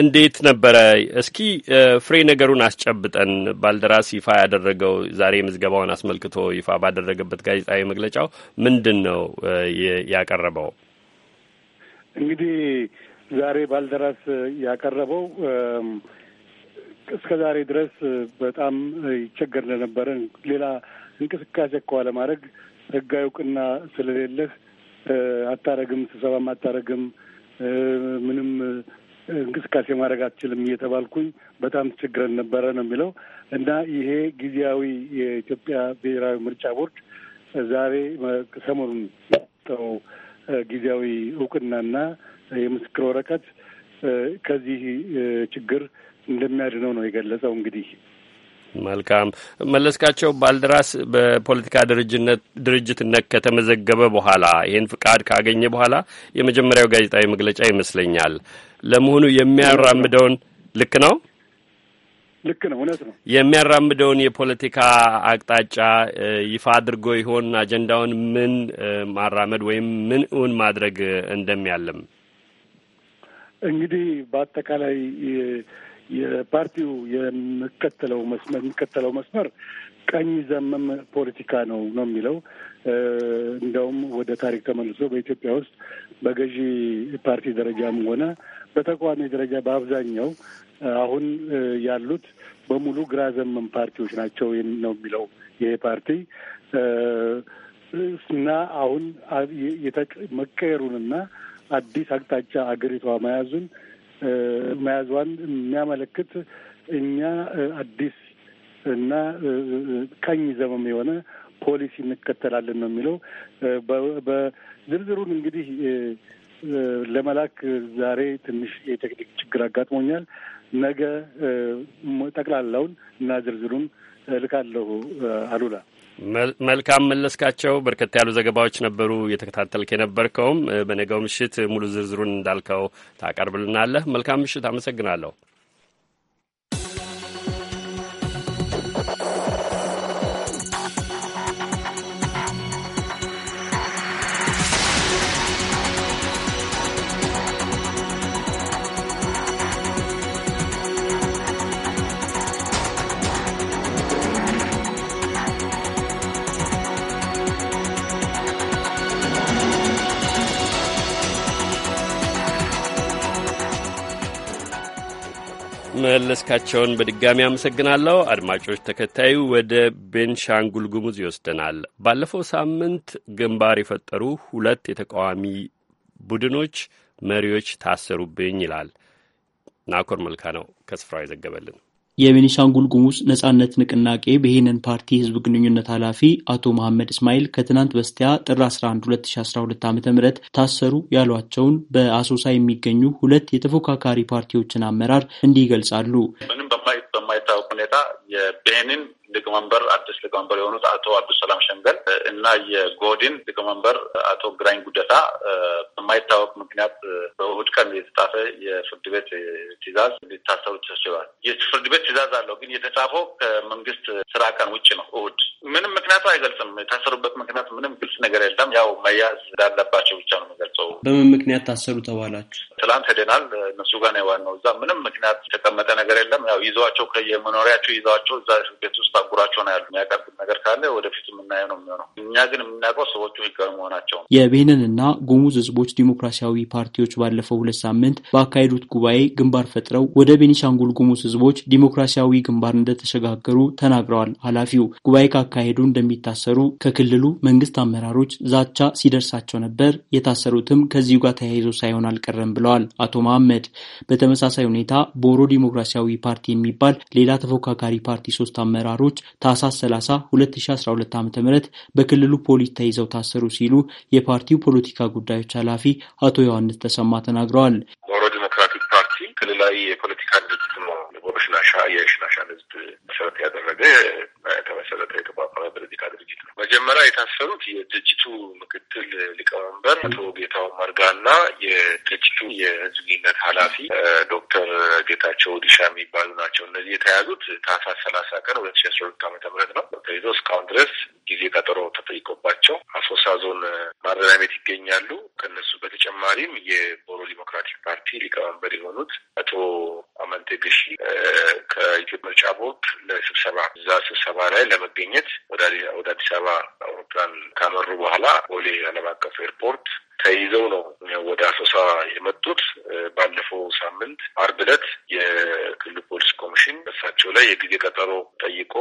እንዴት ነበረ? እስኪ ፍሬ ነገሩን አስጨብጠን ባልደራስ ይፋ ያደረገው ዛሬ ምዝገባውን አስመልክቶ ይፋ ባደረገበት ጋዜጣዊ መግለጫው ምንድን ነው ያቀረበው? እንግዲህ ዛሬ ባልደራስ ያቀረበው እስከ ዛሬ ድረስ በጣም ይቸገር ለነበረ ሌላ እንቅስቃሴ እኮ ለማድረግ ህጋዊ እውቅና ስለሌለህ አታረግም፣ ስብሰባም አታረግም ምንም እንቅስቃሴ ማድረግ አትችልም እየተባልኩኝ በጣም ችግረን ነበረ ነው የሚለው እና ይሄ ጊዜያዊ የኢትዮጵያ ብሔራዊ ምርጫ ቦርድ ዛሬ ሰሞኑን ያጠው ጊዜያዊ እውቅናና የምስክር ወረቀት ከዚህ ችግር እንደሚያድነው ነው የገለጸው እንግዲህ መልካም መለስካቸው ባልደራስ በፖለቲካ ድርጅትነት ከተመዘገበ በኋላ ይህን ፍቃድ ካገኘ በኋላ የመጀመሪያው ጋዜጣዊ መግለጫ ይመስለኛል። ለመሆኑ የሚያራምደውን ልክ ነው ልክ ነው እውነት ነው የሚያራምደውን የፖለቲካ አቅጣጫ ይፋ አድርጎ ይሆን አጀንዳውን ምን ማራመድ ወይም ምን እውን ማድረግ እንደሚያለም እንግዲህ በአጠቃላይ የፓርቲው የምከተለው መስመር የሚከተለው መስመር ቀኝ ዘመም ፖለቲካ ነው ነው የሚለው እንደውም ወደ ታሪክ ተመልሶ በኢትዮጵያ ውስጥ በገዢ ፓርቲ ደረጃም ሆነ በተቃዋሚ ደረጃ በአብዛኛው አሁን ያሉት በሙሉ ግራ ዘመም ፓርቲዎች ናቸው ነው የሚለው ይሄ ፓርቲ እና አሁን መቀየሩንና አዲስ አቅጣጫ አገሪቷ መያዙን መያዟን የሚያመለክት እኛ አዲስ እና ቀኝ ዘመም የሆነ ፖሊሲ እንከተላለን ነው የሚለው። በዝርዝሩን እንግዲህ ለመላክ ዛሬ ትንሽ የቴክኒክ ችግር አጋጥሞኛል። ነገ ጠቅላላውን እና ዝርዝሩን እልካለሁ። አሉላ መልካም መለስካቸው፣ በርከት ያሉ ዘገባዎች ነበሩ የተከታተልክ የነበርከውም። በነገው ምሽት ሙሉ ዝርዝሩን እንዳልከው ታቀርብልናለህ። መልካም ምሽት፣ አመሰግናለሁ። መለስካቸውን በድጋሚ አመሰግናለሁ። አድማጮች፣ ተከታዩ ወደ ቤንሻንጉል ጉሙዝ ይወስደናል። ባለፈው ሳምንት ግንባር የፈጠሩ ሁለት የተቃዋሚ ቡድኖች መሪዎች ታሰሩብኝ ይላል ናኮር መልካ ነው ከስፍራው የዘገበልን። የቤኒሻንጉል ጉሙዝ ነጻነት ንቅናቄ በሄነን ፓርቲ ህዝብ ግንኙነት ኃላፊ አቶ መሐመድ እስማኤል ከትናንት በስቲያ ጥር 11 2012 ዓ ም ታሰሩ ያሏቸውን በአሶሳ የሚገኙ ሁለት የተፎካካሪ ፓርቲዎችን አመራር እንዲህ ይገልጻሉ። ምንም በማይታወቅ ሁኔታ የቤኒን ሊቀመንበር አዲስ ሊቀመንበር የሆኑት አቶ አብዱሰላም ሸንገል እና የጎህዴን ሊቀመንበር አቶ ግራኝ ጉደታ በማይታወቅ ምክንያት በእሁድ ቀን የተጻፈ የፍርድ ቤት ትዕዛዝ ሊታሰሩ ተችሏል። የፍርድ ቤት ትዕዛዝ አለው፣ ግን የተጻፈው ከመንግስት ስራ ቀን ውጭ ነው። እሁድ ምንም ምክንያቱ አይገልጽም። የታሰሩበት ምክንያት ምንም ግልጽ ነገር የለም። ያው መያዝ እንዳለባቸው ብቻ ነው የሚገልጸው። በምን ምክንያት ታሰሩ ተባላችሁ? ትላንት ሄደናል። እነሱ ጋር ነው ዋናው። እዛ ምንም ምክንያት የተቀመጠ ነገር የለም። ያው ይዘዋቸው ከየመኖሪያቸው ይዘዋቸው እዛ እስር ቤት ውስጥ አጉራቸው ነው ያሉ። የሚያቀርቡት ነገር ካለ ወደፊት የምናየው ነው የሚሆነው። እኛ ግን የምናውቀው ሰዎቹ ህጋዊ መሆናቸው ነው። የቤኒንና ጉሙዝ ህዝቦች ዲሞክራሲያዊ ፓርቲዎች ባለፈው ሁለት ሳምንት በአካሄዱት ጉባኤ ግንባር ፈጥረው ወደ ቤኒሻንጉል ጉሙዝ ህዝቦች ዲሞክራሲያዊ ግንባር እንደተሸጋገሩ ተናግረዋል። ኃላፊው ጉባኤ ካካሄዱ እንደሚታሰሩ ከክልሉ መንግስት አመራሮች ዛቻ ሲደርሳቸው ነበር። የታሰሩትም ከዚሁ ጋር ተያይዞ ሳይሆን አልቀረም ብለዋል አቶ መሐመድ። በተመሳሳይ ሁኔታ ቦሮ ዲሞክራሲያዊ ፓርቲ የሚባል ሌላ ተፎካካሪ ፓርቲ ሶስት አመራሮች ታህሳስ 30 2012 ዓ ም በክልሉ ፖሊስ ተይዘው ታሰሩ ሲሉ የፓርቲው ፖለቲካ ጉዳዮች ኃላፊ አቶ ዮሐንስ ተሰማ ተናግረዋል። ቦሮ ዲሞክራቲክ ፓርቲ ክልላዊ የፖለቲካ ድርጅት ነው። ቦሮ ሽናሻ የሽናሻ ህዝብ መሰረት ያደረገ ተመሰረተ የተቋቋመ ፖለቲካ ድርጅት ነው። መጀመሪያ የታሰሩት የድርጅቱ ምክትል ሊቀመንበር አቶ ጌታሁን መርጋና የድርጅቱ የህዝብ ግንኙነት ኃላፊ ዶክተር ጌታቸው ዲሻ የሚባሉ ናቸው። እነዚህ የተያዙት ታህሳስ ሰላሳ ቀን ሁለት ሺ አስራ ሁለት ዓመተ ምህረት ነው። ተይዞ እስካሁን ድረስ ጊዜ ቀጠሮ ተጠይቆባቸው አሶሳ ዞን ማረሚያ ቤት ይገኛሉ። ከነሱ በተጨማሪም የቦሮ ዲሞክራቲክ ፓርቲ ሊቀመንበር የሆኑት አቶ አመንቴ ገሺ ከኢትዮጵያ ምርጫ ቦርድ ስብሰባ እዛ ስብሰባ ላይ ለመገኘት ወደ አዲስ አበባ አውሮፕላን ካመሩ በኋላ ቦሌ ዓለም አቀፍ ኤርፖርት ተይዘው ነው ወደ አሶሳ የመጡት። ባለፈው ሳምንት አርብ ዕለት የክልሉ ፖሊስ ኮሚሽን እሳቸው ላይ የጊዜ ቀጠሮ ጠይቆ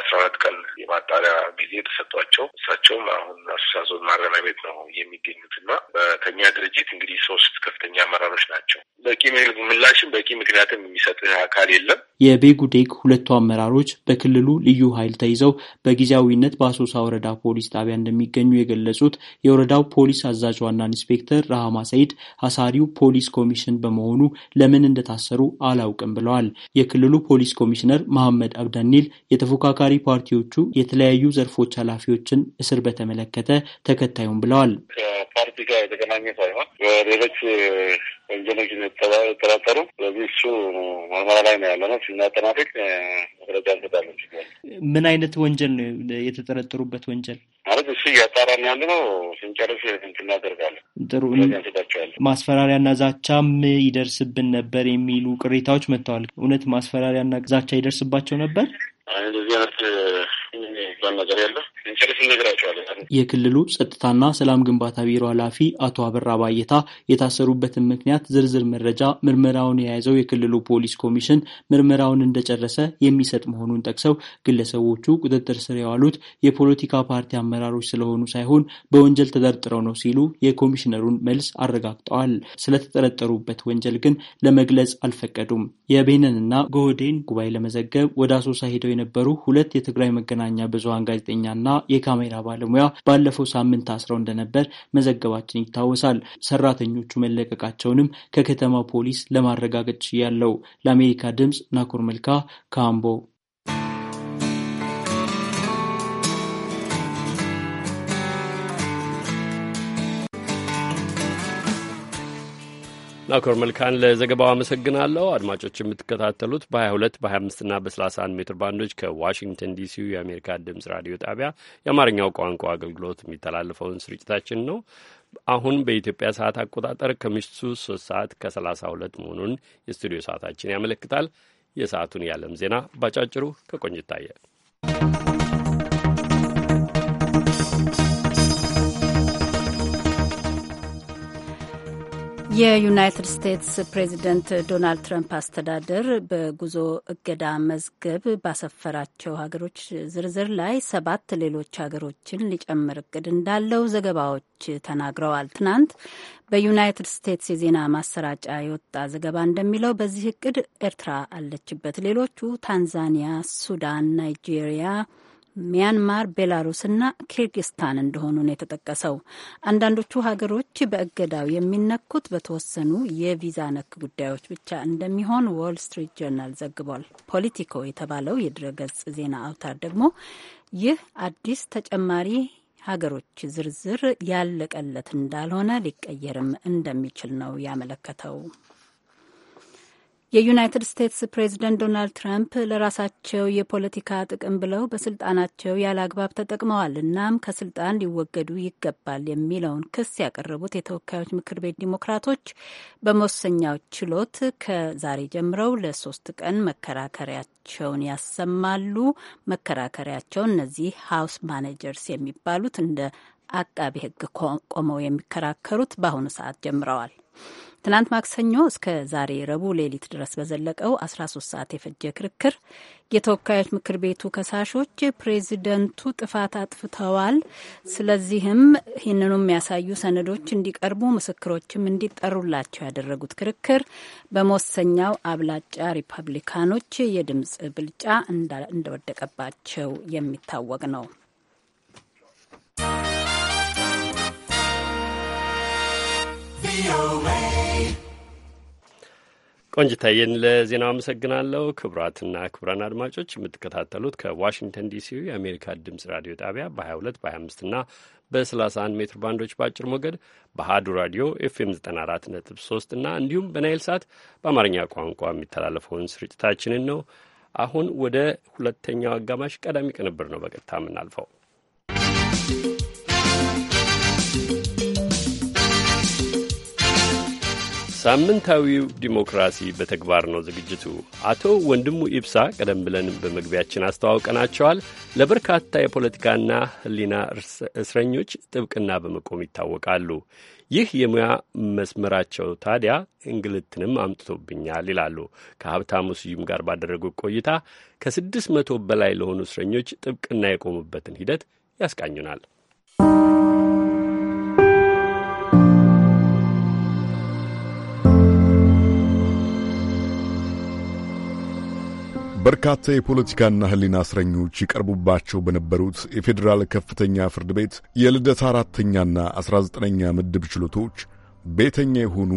አስራ አራት ቀን የማጣሪያ ጊዜ ተሰጧቸው። እሳቸውም አሁን አሶሳ ዞን ማረሚያ ቤት ነው የሚገኙት እና በተኛ ድርጅት እንግዲህ ሶስት ከፍተኛ አመራሮች ናቸው። በቂ ምላሽም በቂ ምክንያትም የሚሰጥ አካል የለም። የቤጉዴግ ሁለቱ አመራሮች በክልሉ ልዩ ኃይል ተይዘው በጊዜያዊነት በአሶሳ ወረዳ ፖሊስ ጣቢያ እንደሚገኙ የገለጹት የወረዳው ፖሊስ አዛዥ ዋና ዋና ኢንስፔክተር ረሃማ ሰይድ አሳሪው ፖሊስ ኮሚሽን በመሆኑ ለምን እንደታሰሩ አላውቅም ብለዋል። የክልሉ ፖሊስ ኮሚሽነር መሐመድ አብዳኒል የተፎካካሪ ፓርቲዎቹ የተለያዩ ዘርፎች ኃላፊዎችን እስር በተመለከተ ተከታዩም ብለዋል። ከፓርቲ ጋር የተገናኘ ሳይሆን በሌሎች ወንጀሎች የተጠራጠሩ ስለዚህ እሱ ምርመራ ላይ ነው ያለነው ስናጠናቀቅ መረጃ እንሰጣለን። ምን አይነት ወንጀል ነው የተጠረጠሩበት ወንጀል? ማለት እሱ እያጣራን ያለ ነው። ስንጨርስ እናደርጋለን። ጥሩ ማስፈራሪያና ዛቻም ይደርስብን ነበር የሚሉ ቅሬታዎች መጥተዋል። እውነት ማስፈራሪያና ዛቻ ይደርስባቸው ነበር? እንደዚህ አይነት የሚባል ነገር ያለ እንጨርስ የክልሉ ጸጥታና ሰላም ግንባታ ቢሮ ኃላፊ አቶ አበራ ባየታ የታሰሩበትን ምክንያት ዝርዝር መረጃ ምርመራውን የያዘው የክልሉ ፖሊስ ኮሚሽን ምርመራውን እንደጨረሰ የሚሰጥ መሆኑን ጠቅሰው ግለሰቦቹ ቁጥጥር ስር የዋሉት የፖለቲካ ፓርቲ አመራሮች ስለሆኑ ሳይሆን በወንጀል ተጠርጥረው ነው ሲሉ የኮሚሽነሩን መልስ አረጋግጠዋል። ስለተጠረጠሩበት ወንጀል ግን ለመግለጽ አልፈቀዱም። የቤነንና ጎህዴን ጉባኤ ለመዘገብ ወደ አሶሳ ሄደው የነበሩ ሁለት የትግራይ መገናኛ መገናኛ ብዙኃን ጋዜጠኛና የካሜራ ባለሙያ ባለፈው ሳምንት አስረው እንደነበር መዘገባችን ይታወሳል። ሰራተኞቹ መለቀቃቸውንም ከከተማ ፖሊስ ለማረጋገጥ ያለው ለአሜሪካ ድምፅ ናኩር መልካ ካምቦ ናኮር መልካን ለዘገባው አመሰግናለሁ። አድማጮች የምትከታተሉት በ22 በ25ና በ31 ሜትር ባንዶች ከዋሽንግተን ዲሲ የአሜሪካ ድምፅ ራዲዮ ጣቢያ የአማርኛው ቋንቋ አገልግሎት የሚተላለፈውን ስርጭታችን ነው። አሁን በኢትዮጵያ ሰዓት አቆጣጠር ከምሽቱ 3 ሰዓት ከ32 መሆኑን የስቱዲዮ ሰዓታችን ያመለክታል። የሰዓቱን የዓለም ዜና ባጫጭሩ ከቆንጅታየ የዩናይትድ ስቴትስ ፕሬዚደንት ዶናልድ ትራምፕ አስተዳደር በጉዞ እገዳ መዝገብ ባሰፈራቸው ሀገሮች ዝርዝር ላይ ሰባት ሌሎች ሀገሮችን ሊጨምር እቅድ እንዳለው ዘገባዎች ተናግረዋል። ትናንት በዩናይትድ ስቴትስ የዜና ማሰራጫ የወጣ ዘገባ እንደሚለው በዚህ እቅድ ኤርትራ አለችበት። ሌሎቹ ታንዛኒያ፣ ሱዳን፣ ናይጄሪያ ሚያንማር፣ ቤላሩስ እና ኪርጊስታን እንደሆኑ ነው የተጠቀሰው። አንዳንዶቹ ሀገሮች በእገዳው የሚነኩት በተወሰኑ የቪዛ ነክ ጉዳዮች ብቻ እንደሚሆን ዎል ስትሪት ጆርናል ዘግቧል። ፖለቲኮ የተባለው የድረገጽ ዜና አውታር ደግሞ ይህ አዲስ ተጨማሪ ሀገሮች ዝርዝር ያለቀለት እንዳልሆነ ሊቀየርም እንደሚችል ነው ያመለከተው። የዩናይትድ ስቴትስ ፕሬዚደንት ዶናልድ ትራምፕ ለራሳቸው የፖለቲካ ጥቅም ብለው በስልጣናቸው ያለ አግባብ ተጠቅመዋል፣ እናም ከስልጣን ሊወገዱ ይገባል የሚለውን ክስ ያቀረቡት የተወካዮች ምክር ቤት ዲሞክራቶች በመወሰኛው ችሎት ከዛሬ ጀምረው ለሶስት ቀን መከራከሪያቸውን ያሰማሉ። መከራከሪያቸው እነዚህ ሀውስ ማኔጀርስ የሚባሉት እንደ አቃቢ ሕግ ቆመው የሚከራከሩት በአሁኑ ሰዓት ጀምረዋል። ትናንት ማክሰኞ እስከ ዛሬ ረቡዕ ሌሊት ድረስ በዘለቀው 13 ሰዓት የፈጀ ክርክር የተወካዮች ምክር ቤቱ ከሳሾች ፕሬዚደንቱ ጥፋት አጥፍተዋል፣ ስለዚህም ይህንኑ የሚያሳዩ ሰነዶች እንዲቀርቡ ምስክሮችም እንዲጠሩላቸው ያደረጉት ክርክር በመወሰኛው አብላጫ ሪፐብሊካኖች የድምፅ ብልጫ እንደወደቀባቸው የሚታወቅ ነው። No ቆንጅታዬን ለዜናው አመሰግናለሁ። ክቡራትና ክቡራን አድማጮች የምትከታተሉት ከዋሽንግተን ዲሲ የአሜሪካ ድምፅ ራዲዮ ጣቢያ በ22 በ25ና በ31 ሜትር ባንዶች በአጭር ሞገድ በአሀዱ ራዲዮ ኤፍኤም 94.3 እና እንዲሁም በናይል ሳት በአማርኛ ቋንቋ የሚተላለፈውን ስርጭታችንን ነው። አሁን ወደ ሁለተኛው አጋማሽ ቀዳሚ ቅንብር ነው በቀጥታ የምናልፈው። ሳምንታዊው ዲሞክራሲ በተግባር ነው ዝግጅቱ። አቶ ወንድሙ ኢብሳ ቀደም ብለን በመግቢያችን አስተዋውቀናቸዋል። ለበርካታ የፖለቲካና ሕሊና እስረኞች ጥብቅና በመቆም ይታወቃሉ። ይህ የሙያ መስመራቸው ታዲያ እንግልትንም አምጥቶብኛል ይላሉ። ከሀብታሙ ስዩም ጋር ባደረጉት ቆይታ ከስድስት መቶ በላይ ለሆኑ እስረኞች ጥብቅና የቆሙበትን ሂደት ያስቃኙናል። በርካታ የፖለቲካና ሕሊና እስረኞች ይቀርቡባቸው በነበሩት የፌዴራል ከፍተኛ ፍርድ ቤት የልደታ አራተኛና አስራ ዘጠነኛ ምድብ ችሎቶች ቤተኛ የሆኑ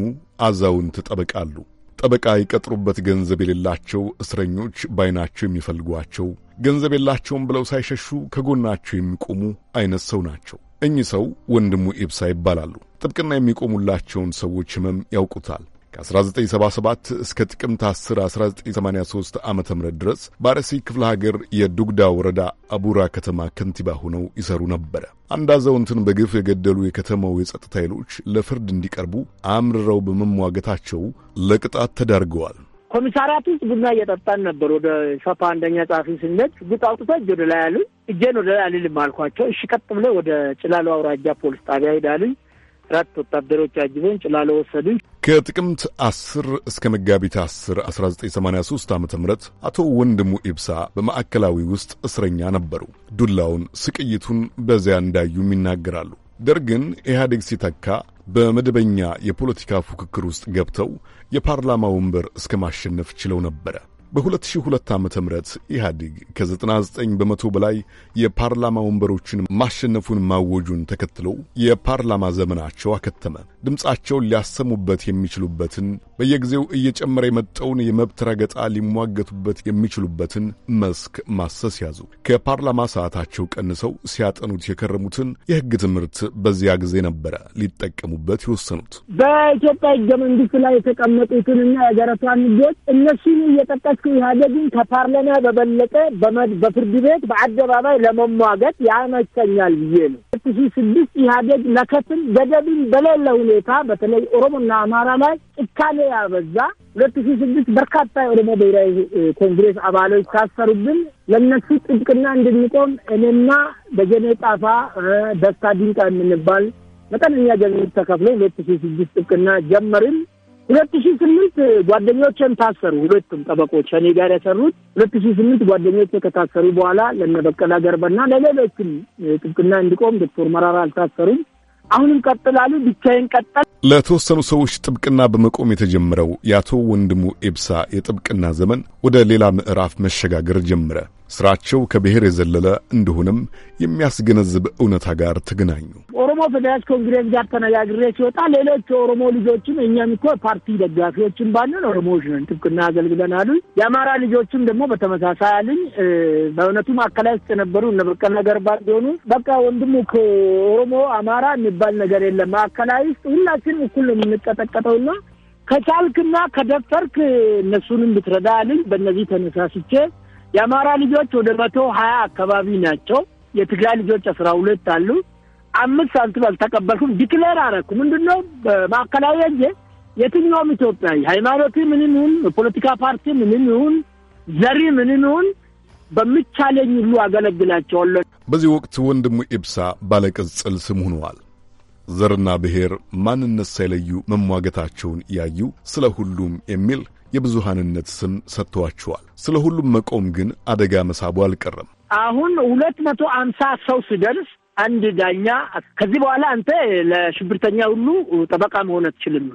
አዛውንት ጠበቃ አሉ። ጠበቃ ይቀጥሩበት ገንዘብ የሌላቸው እስረኞች በዓይናቸው የሚፈልጓቸው፣ ገንዘብ የላቸውም ብለው ሳይሸሹ ከጎናቸው የሚቆሙ አይነት ሰው ናቸው። እኚህ ሰው ወንድሙ ኢብሳ ይባላሉ። ጥብቅና የሚቆሙላቸውን ሰዎች ህመም ያውቁታል። ከ1977 እስከ ጥቅምት 10 1983 ዓ ም ድረስ ባረሲ ክፍለ ሀገር የዱግዳ ወረዳ አቡራ ከተማ ከንቲባ ሆነው ይሰሩ ነበረ። አንድ አዛውንትን በግፍ የገደሉ የከተማው የጸጥታ ኃይሎች ለፍርድ እንዲቀርቡ አምርረው በመሟገታቸው ለቅጣት ተዳርገዋል። ኮሚሳሪያት ውስጥ ቡና እየጠጣን ነበር። ወደ ሸፓ አንደኛ ጸሐፊ ስነት ጉጥ አውጥቶ እጅ ወደ ላይ አሉኝ። እጄን ወደ ላይ አልልም አልኳቸው። እሺ ቀጥ ብለ ወደ ጭላሉ አውራጃ ፖሊስ ጣቢያ ሄዳልኝ። አራት ወታደሮች አጅበን ጭላለ ወሰዱኝ። ከጥቅምት አስር እስከ መጋቢት አስር 1983 ዓ ም አቶ ወንድሙ ኢብሳ በማዕከላዊ ውስጥ እስረኛ ነበሩ። ዱላውን፣ ስቅይቱን በዚያ እንዳዩም ይናገራሉ። ደርግን ኢህአዴግ ሲተካ በመደበኛ የፖለቲካ ፉክክር ውስጥ ገብተው የፓርላማ ወንበር እስከ ማሸነፍ ችለው ነበረ። በ2002 ዓ ም ኢህአዲግ ከ99 በመቶ በላይ የፓርላማ ወንበሮችን ማሸነፉን ማወጁን ተከትሎ የፓርላማ ዘመናቸው አከተመ። ድምፃቸውን ሊያሰሙበት የሚችሉበትን በየጊዜው እየጨመረ የመጣውን የመብት ረገጣ ሊሟገቱበት የሚችሉበትን መስክ ማሰስ ያዙ። ከፓርላማ ሰዓታቸው ቀንሰው ሲያጠኑት የከረሙትን የሕግ ትምህርት በዚያ ጊዜ ነበረ ሊጠቀሙበት የወሰኑት። በኢትዮጵያ ሕገ መንግስት ላይ የተቀመጡትንና የገረቷን ሕጎች እነሱን እየጠቀስ ልክ ኢህአዴግን ከፓርላማ በበለጠ በፍርድ ቤት በአደባባይ ለመሟገት ያመቸኛል ብዬ ነው። ሁለት ሺ ስድስት ኢህአዴግ ለከፍል ገደብን በሌለ ሁኔታ በተለይ ኦሮሞና አማራ ላይ ጭካኔ ያበዛ ሁለት ሺ ስድስት በርካታ የኦሮሞ ብሔራዊ ኮንግሬስ አባሎች ካሰሩብን ለእነሱ ጥብቅና እንድንቆም እኔና በጀኔ ጣፋ ደስታ ድንቃ የምንባል መጠነኛ ገንዘብ ተከፍሎ ሁለት ሺ ስድስት ጥብቅና ጀመርን። ሁለት ሺ ስምንት ጓደኞቼም ታሰሩ። ሁለቱም ጠበቆች እኔ ጋር የሰሩት ሁለት ሺ ስምንት ጓደኞቼ ከታሰሩ በኋላ ለነ በቀለ ገርባና ለሌሎችም ጥብቅና እንዲቆም ዶክተር መራራ አልታሰሩም። አሁንም ቀጥላሉ። ብቻዬን ቀጠል። ለተወሰኑ ሰዎች ጥብቅና በመቆም የተጀመረው የአቶ ወንድሙ ኤብሳ የጥብቅና ዘመን ወደ ሌላ ምዕራፍ መሸጋገር ጀምረ። ስራቸው ከብሔር የዘለለ እንደሆነም የሚያስገነዝብ እውነታ ጋር ተገናኙ። ኦሮሞ ፌዴራሊስት ኮንግሬስ ጋር ተነጋግሬ ሲወጣ ሌሎች የኦሮሞ ልጆችም እኛም እኮ ፓርቲ ደጋፊዎችን ባለን ኦሮሞዎች ነን፣ ጥብቅና አገልግለን አሉኝ። የአማራ ልጆችም ደግሞ በተመሳሳይ አሉኝ። በእውነቱ ማዕከላዊ ውስጥ የነበሩ እነ በቀለ ገርባ ቢሆኑ በቃ ወንድሙ ከኦሮሞ አማራ የሚባል ነገር የለም። ማዕከላዊ ውስጥ ሁላችንም እኩል ነው የምንቀጠቀጠውና ከቻልክና ከደፈርክ እነሱንም ብትረዳ አሉኝ። በእነዚህ ተነሳስቼ የአማራ ልጆች ወደ መቶ ሀያ አካባቢ ናቸው። የትግራይ ልጆች አስራ ሁለት አሉ። አምስት ሳንቲም አልተቀበልኩም። ዲክሌር አረኩ። ምንድነው በማዕከላዊ እጄ የትኛውም ኢትዮጵያዊ ሃይማኖት ምንም ይሁን የፖለቲካ ፓርቲ ምንም ይሁን ዘሪ ምንም ይሁን በሚቻለኝ ሁሉ አገለግላቸዋለን። በዚህ ወቅት ወንድሙ ኤብሳ ባለቅጽል ስም ሆነዋል። ዘርና ብሔር ማንነት ሳይለዩ መሟገታቸውን ያዩ ስለ ሁሉም የሚል የብዙሃንነት ስም ሰጥተዋቸዋል ስለ ሁሉም መቆም ግን አደጋ መሳቡ አልቀረም። አሁን ሁለት መቶ አምሳ ሰው ሲደርስ አንድ ዳኛ ከዚህ በኋላ አንተ ለሽብርተኛ ሁሉ ጠበቃ መሆን አትችልም፣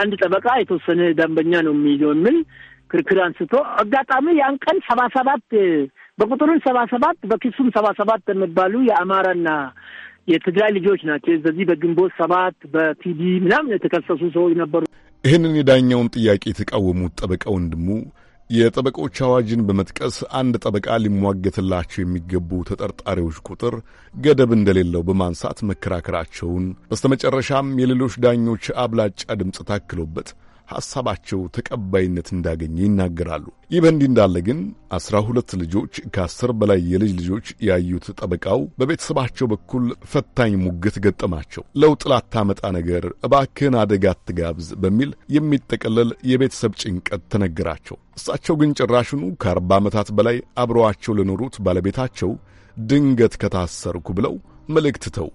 አንድ ጠበቃ የተወሰነ ደንበኛ ነው የሚይዘው የሚል ክርክር አንስቶ አጋጣሚ ያን ቀን ሰባ ሰባት በቁጥሩ ሰባ ሰባት በክሱም ሰባ ሰባት የሚባሉ የአማራና የትግራይ ልጆች ናቸው። በግንቦት ሰባት በቲዲ ምናምን የተከሰሱ ሰዎች ነበሩ። ይህንን የዳኛውን ጥያቄ የተቃወሙት ጠበቃ ወንድሙ የጠበቆች አዋጅን በመጥቀስ አንድ ጠበቃ ሊሟገትላቸው የሚገቡ ተጠርጣሪዎች ቁጥር ገደብ እንደሌለው በማንሳት መከራከራቸውን በስተመጨረሻም የሌሎች ዳኞች አብላጫ ድምፅ ታክሎበት ሐሳባቸው ተቀባይነት እንዳገኘ ይናገራሉ። ይህ በእንዲህ እንዳለ ግን አስራ ሁለት ልጆች ከአስር በላይ የልጅ ልጆች ያዩት ጠበቃው በቤተሰባቸው በኩል ፈታኝ ሙግት ገጠማቸው። ለውጥ ላታመጣ ነገር እባክህን አደጋ አትጋብዝ በሚል የሚጠቀለል የቤተሰብ ጭንቀት ተነገራቸው። እሳቸው ግን ጭራሽኑ ከአርባ ዓመታት በላይ አብረዋቸው ለኖሩት ባለቤታቸው ድንገት ከታሰርኩ ብለው መልእክት ተው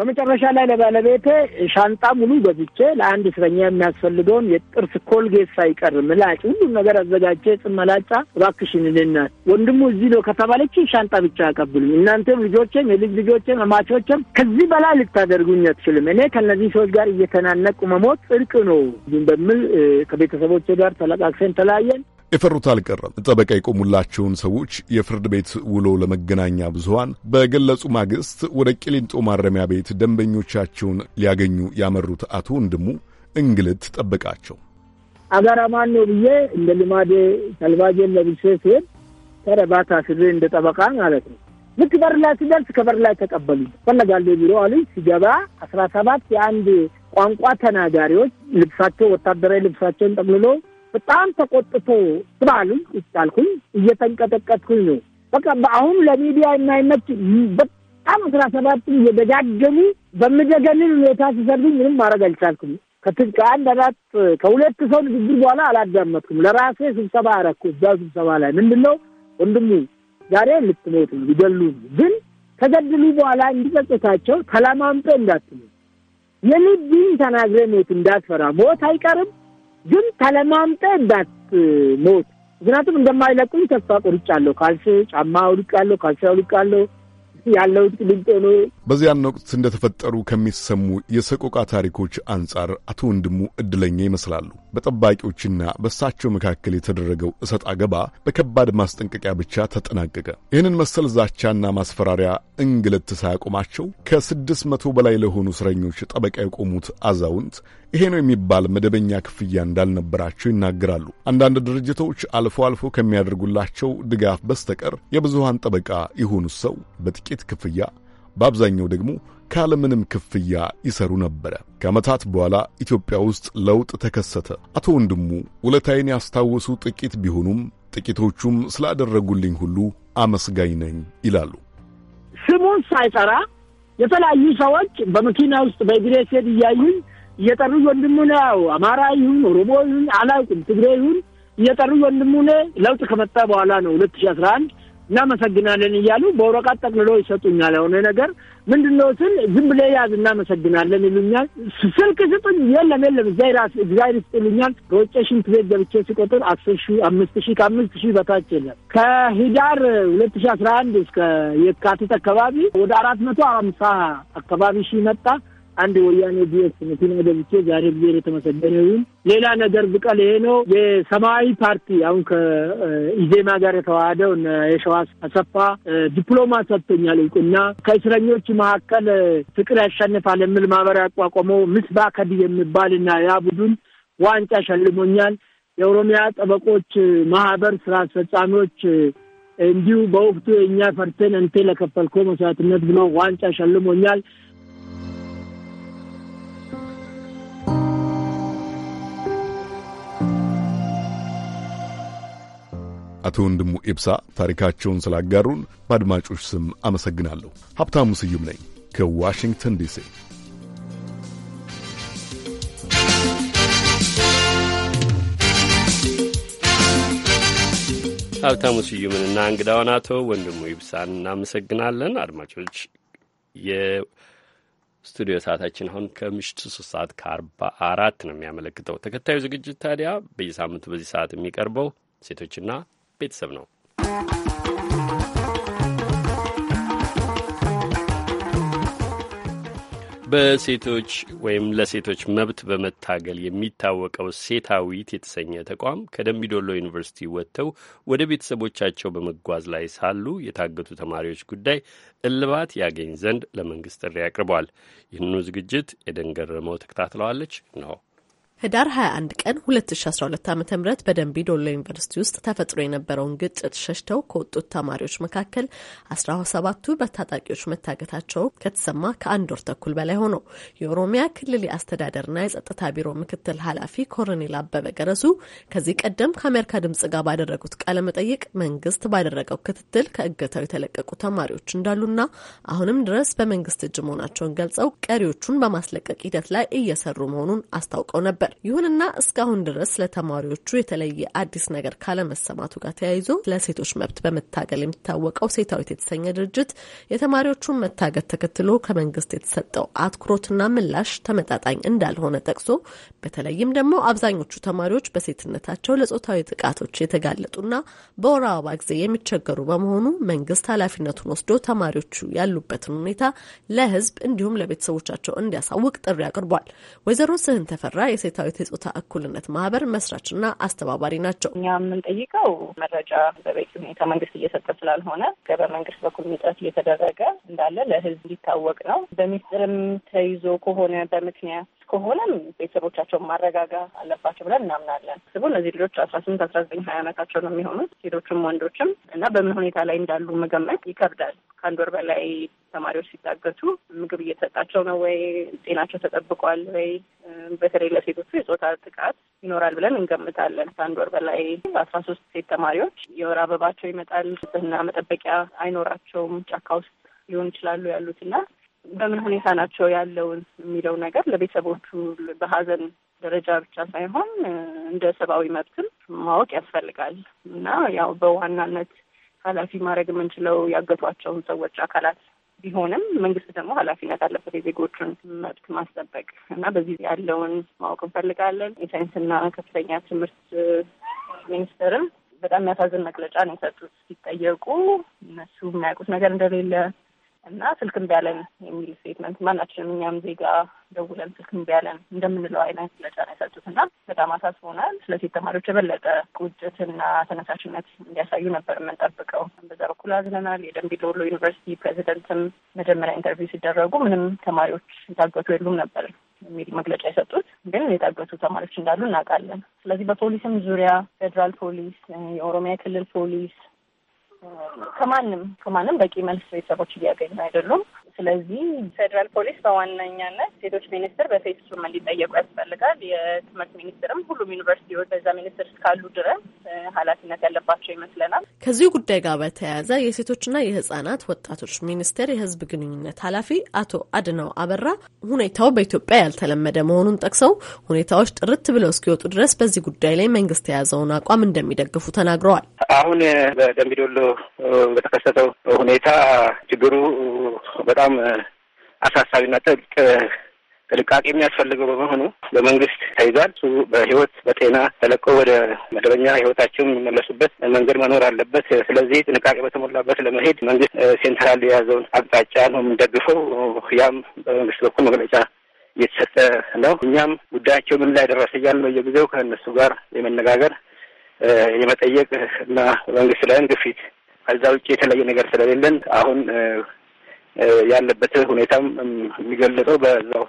በመጨረሻ ላይ ለባለቤቴ ሻንጣ ሙሉ ገዝቼ ለአንድ እስረኛ የሚያስፈልገውን የጥርስ ኮልጌት ሳይቀር ምላጭ፣ ሁሉም ነገር አዘጋጀ። ጽም መላጫ እባክሽን ልናት ወንድሙ እዚህ ነው ከተባለች ሻንጣ ብቻ ያቀብሉኝ። እናንተም ልጆቼም፣ የልጅ ልጆቼም፣ እማቾቼም ከዚህ በላይ ልታደርጉኝ አትችልም። እኔ ከእነዚህ ሰዎች ጋር እየተናነቁ መሞት ጽድቅ ነው በሚል ከቤተሰቦቼ ጋር ተለቃቅሰን ተለያየን። የፈሩት አልቀረም። ጠበቃ የቆሙላቸውን ሰዎች የፍርድ ቤት ውሎ ለመገናኛ ብዙሃን በገለጹ ማግስት ወደ ቂሊንጦ ማረሚያ ቤት ደንበኞቻቸውን ሊያገኙ ያመሩት አቶ ወንድሙ እንግልት ጠበቃቸው። አገራ ማን ነው ብዬ እንደ ልማዴ ተልባጄን ለብሼ ሲሄድ ተረባታ ስሬ እንደ ጠበቃ ማለት ነው። ልክ በር ላይ ሲደርስ ከበር ላይ ተቀበሉ። ፈለጋለሁ ቢሮ አሉኝ። ሲገባ አስራ ሰባት የአንድ ቋንቋ ተናጋሪዎች ልብሳቸው ወታደራዊ ልብሳቸውን ጠቅልሎ በጣም ተቆጥቶ ስባሉ ይቻልኩኝ እየተንቀጠቀጥኩኝ ነው። በቃ አሁን ለሚዲያ የማይመች በጣም አስራ ሰባት እየደጋገሙ በምደገንን ሁኔታ ሲሰርዱኝ ምንም ማድረግ አልቻልኩም። ከአንድ አራት ከሁለት ሰው ንግግር በኋላ አላዳመጥኩም። ለራሴ ስብሰባ አረኩ። እዛ ስብሰባ ላይ ምንድን ነው ወንድሙ ዛሬ ልትሞት ነው፣ ሊገሉ ግን ከገድሉ በኋላ እንዲጸጽታቸው ተለማምጦ እንዳትሞት የልብኝ ተናግሬ ሞት እንዳትፈራ ሞት አይቀርም ግን ተለማምጠህ ሞት ምክንያቱም እንደማይለቁኝ ተስፋ ቆርጫለሁ። ካልሲ ጫማ አውልቃለሁ፣ ካልሲ አውልቃለሁ። ያለው ቅሊንጦ ነው። በዚያን ወቅት እንደተፈጠሩ ከሚሰሙ የሰቆቃ ታሪኮች አንጻር አቶ ወንድሙ ዕድለኛ ይመስላሉ። በጠባቂዎችና በእሳቸው መካከል የተደረገው እሰጥ አገባ በከባድ ማስጠንቀቂያ ብቻ ተጠናቀቀ። ይህንን መሰል ዛቻና ማስፈራሪያ እንግልት ሳያቆማቸው ከስድስት መቶ በላይ ለሆኑ እስረኞች ጠበቃ የቆሙት አዛውንት ይሄ ነው የሚባል መደበኛ ክፍያ እንዳልነበራቸው ይናገራሉ። አንዳንድ ድርጅቶች አልፎ አልፎ ከሚያደርጉላቸው ድጋፍ በስተቀር የብዙሃን ጠበቃ የሆኑት ሰው በጥቂት ክፍያ በአብዛኛው ደግሞ ካለምንም ክፍያ ይሰሩ ነበረ። ከዓመታት በኋላ ኢትዮጵያ ውስጥ ለውጥ ተከሰተ። አቶ ወንድሙ ውለታዬን ያስታወሱ ጥቂት ቢሆኑም ጥቂቶቹም ስላደረጉልኝ ሁሉ አመስጋኝ ነኝ ይላሉ። ስሙን ሳይጠራ የተለያዩ ሰዎች በመኪና ውስጥ በእግሬ ስሄድ እያዩኝ እየጠሩ ወንድሙን፣ ያው አማራ ይሁን ኦሮሞ ይሁን አላውቅም፣ ትግሬ ይሁን እየጠሩ ወንድሙ ለውጥ ከመጣ በኋላ ነው ሁለት ሺህ አስራ አንድ እናመሰግናለን እያሉ በወረቀት ጠቅልሎ ይሰጡኛል። የሆነ ነገር ምንድን ነው ስል ዝም ብለህ ያዝ እናመሰግናለን ይሉኛል። ስልክ ስጡኝ፣ የለም የለም እግዚአብሔር ይስጥ ይሉኛል። ሮጬ ሽንት ቤት ገብቼ ሲቆጥር አስር ሺ አምስት ሺ ከአምስት ሺ በታች የለም። ከሂዳር ሁለት ሺ አስራ አንድ እስከ የካቲት አካባቢ ወደ አራት መቶ አምሳ አካባቢ ሺ መጣ። አንድ ወያኔ ዲስ መኪና ገብቼ ዛሬ ብሔር ይሁን። ሌላ ነገር ብቀል ይሄ ነው። የሰማያዊ ፓርቲ አሁን ከኢዜማ ጋር የተዋሃደው የሸዋስ አሰፋ ዲፕሎማ ሰጥቶኛል እውቅና ከእስረኞች መካከል ፍቅር ያሸንፋል የሚል ማህበር ያቋቋመው ምስባ ከዲ የሚባል እና ያ ቡድን ዋንጫ ሸልሞኛል። የኦሮሚያ ጠበቆች ማህበር ስራ አስፈጻሚዎች እንዲሁ በወቅቱ የእኛ ፈርተን እንቴ ለከፈልኮ መስዋዕትነት ብለው ዋንጫ ሸልሞኛል። አቶ ወንድሙ ኤብሳ ታሪካቸውን ስላጋሩን በአድማጮች ስም አመሰግናለሁ። ሀብታሙ ስዩም ነኝ ከዋሽንግተን ዲሲ። ሀብታሙ ስዩምንና እንግዳውን አቶ ወንድሙ ይብሳን እናመሰግናለን። አድማጮች የስቱዲዮ ሰዓታችን አሁን ከምሽቱ ሶስት ሰዓት ከአርባ አራት ነው የሚያመለክተው። ተከታዩ ዝግጅት ታዲያ በየሳምንቱ በዚህ ሰዓት የሚቀርበው ሴቶችና ቤተሰብ ነው። በሴቶች ወይም ለሴቶች መብት በመታገል የሚታወቀው ሴታዊት የተሰኘ ተቋም ከደምቢዶሎ ዩኒቨርሲቲ ወጥተው ወደ ቤተሰቦቻቸው በመጓዝ ላይ ሳሉ የታገቱ ተማሪዎች ጉዳይ እልባት ያገኝ ዘንድ ለመንግስት ጥሪ አቅርበዋል። ይህንኑ ዝግጅት የደንገረመው ተከታትለዋለች ነው ህዳር 21 ቀን 2012 ዓ ም በደንቢ ዶሎ ዩኒቨርሲቲ ውስጥ ተፈጥሮ የነበረውን ግጭት ሸሽተው ከወጡት ተማሪዎች መካከል 17ቱ በታጣቂዎች መታገታቸው ከተሰማ ከአንድ ወር ተኩል በላይ ሆነው የኦሮሚያ ክልል የአስተዳደርና የጸጥታ ቢሮ ምክትል ኃላፊ ኮሎኔል አበበ ገረሱ ከዚህ ቀደም ከአሜሪካ ድምጽ ጋር ባደረጉት ቃለ መጠይቅ መንግስት ባደረገው ክትትል ከእገታው የተለቀቁ ተማሪዎች እንዳሉና አሁንም ድረስ በመንግስት እጅ መሆናቸውን ገልጸው ቀሪዎቹን በማስለቀቅ ሂደት ላይ እየሰሩ መሆኑን አስታውቀው ነበር። ነበር። ይሁንና እስካሁን ድረስ ለተማሪዎቹ የተለየ አዲስ ነገር ካለመሰማቱ ጋር ተያይዞ ለሴቶች መብት በመታገል የሚታወቀው ሴታዊት የተሰኘ ድርጅት የተማሪዎቹን መታገት ተከትሎ ከመንግስት የተሰጠው አትኩሮትና ምላሽ ተመጣጣኝ እንዳልሆነ ጠቅሶ በተለይም ደግሞ አብዛኞቹ ተማሪዎች በሴትነታቸው ለጾታዊ ጥቃቶች የተጋለጡና በወር አበባ ጊዜ የሚቸገሩ በመሆኑ መንግስት ኃላፊነቱን ወስዶ ተማሪዎቹ ያሉበትን ሁኔታ ለህዝብ እንዲሁም ለቤተሰቦቻቸው እንዲያሳውቅ ጥሪ አቅርቧል። ወይዘሮ ስህን ተፈራ የሴ የአሜሪካዊት የጾታ እኩልነት ማህበር መስራችና አስተባባሪ ናቸው። እኛ የምንጠይቀው መረጃ በበቂ ሁኔታ መንግስት እየሰጠ ስላልሆነ በመንግስት በኩል ጥረት እየተደረገ እንዳለ ለህዝብ እንዲታወቅ ነው። በሚስጥርም ተይዞ ከሆነ በምክንያት ከሆነም ቤተሰቦቻቸውን ማረጋጋ አለባቸው ብለን እናምናለን። ስቡ እነዚህ ልጆች አስራ ስምንት አስራ ዘጠኝ ሀያ አመታቸው ነው የሚሆኑት ሴቶችም ወንዶችም እና በምን ሁኔታ ላይ እንዳሉ መገመት ይከብዳል። ከአንድ ወር በላይ ተማሪዎች ሲታገቱ ምግብ እየተሰጣቸው ነው ወይ? ጤናቸው ተጠብቋል ወይ? በተለይ ለሴቶቹ የጾታ ጥቃት ይኖራል ብለን እንገምታለን። ከአንድ ወር በላይ አስራ ሶስት ሴት ተማሪዎች የወር አበባቸው ይመጣል። ንጽህና መጠበቂያ አይኖራቸውም። ጫካ ውስጥ ሊሆን ይችላሉ ያሉት እና በምን ሁኔታ ናቸው ያለውን የሚለው ነገር ለቤተሰቦቹ በሀዘን ደረጃ ብቻ ሳይሆን እንደ ሰብአዊ መብትም ማወቅ ያስፈልጋል እና ያው በዋናነት ኃላፊ ማድረግ የምንችለው ያገቷቸውን ሰዎች አካላት ቢሆንም መንግስት ደግሞ ኃላፊነት አለበት የዜጎቹን መብት ማስጠበቅ እና በዚህ ያለውን ማወቅ እንፈልጋለን። የሳይንስና ከፍተኛ ትምህርት ሚኒስትርም በጣም የሚያሳዝን መግለጫ ነው የሰጡት። ሲጠየቁ እነሱ የሚያውቁት ነገር እንደሌለ እና ስልክ እምቢ አለን የሚል ስቴትመንት ማናችንም እኛም ዜጋ ደውለን ስልክ እምቢ አለን እንደምንለው አይነት መግለጫ የሰጡት እና በጣም አሳስቦናል። ስለ ተማሪዎች የበለጠ ቁጭትና ተነሳሽነት እንዲያሳዩ ነበር የምንጠብቀው። በዛ በኩል አዝነናል። የደምቢ ዶሎ ዩኒቨርሲቲ ፕሬዚደንትም መጀመሪያ ኢንተርቪው ሲደረጉ ምንም ተማሪዎች የታገቱ የሉም ነበር የሚል መግለጫ የሰጡት ግን የታገቱ ተማሪዎች እንዳሉ እናውቃለን። ስለዚህ በፖሊስም ዙሪያ ፌዴራል ፖሊስ፣ የኦሮሚያ ክልል ፖሊስ ከማንም ከማንም በቂ መልስ ቤተሰቦች እያገኙ አይደሉም። ስለዚህ ፌዴራል ፖሊስ በዋነኛነት ሴቶች ሚኒስትር በፌስቱም እንዲጠየቁ ያስፈልጋል። የትምህርት ሚኒስትርም ሁሉም ዩኒቨርሲቲዎች በዛ ሚኒስትር እስካሉ ድረስ ኃላፊነት ያለባቸው ይመስለናል። ከዚሁ ጉዳይ ጋር በተያያዘ የሴቶችና የህጻናት ወጣቶች ሚኒስቴር የህዝብ ግንኙነት ኃላፊ አቶ አድነው አበራ ሁኔታው በኢትዮጵያ ያልተለመደ መሆኑን ጠቅሰው ሁኔታዎች ጥርት ብለው እስኪወጡ ድረስ በዚህ ጉዳይ ላይ መንግስት የያዘውን አቋም እንደሚደግፉ ተናግረዋል። አሁን በደምቢዶሎ በተከሰተው ሁኔታ ችግሩ በጣም አሳሳቢና ጥልቅ ጥንቃቄ የሚያስፈልገው በመሆኑ በመንግስት ተይዟል። እሱ በህይወት በጤና ተለቆ ወደ መደበኛ ህይወታቸው የሚመለሱበት መንገድ መኖር አለበት። ስለዚህ ጥንቃቄ በተሞላበት ለመሄድ መንግስት ሴንትራል የያዘውን አቅጣጫ ነው የምንደግፈው። ያም በመንግስት በኩል መግለጫ እየተሰጠ ነው። እኛም ጉዳያቸው ምን ላይ ደረሰ እያልን በየጊዜው ከእነሱ ጋር የመነጋገር የመጠየቅ እና በመንግስት ላይም ግፊት ከዛ ውጭ የተለየ ነገር ስለሌለን አሁን ያለበት ሁኔታም የሚገለጸው በዛው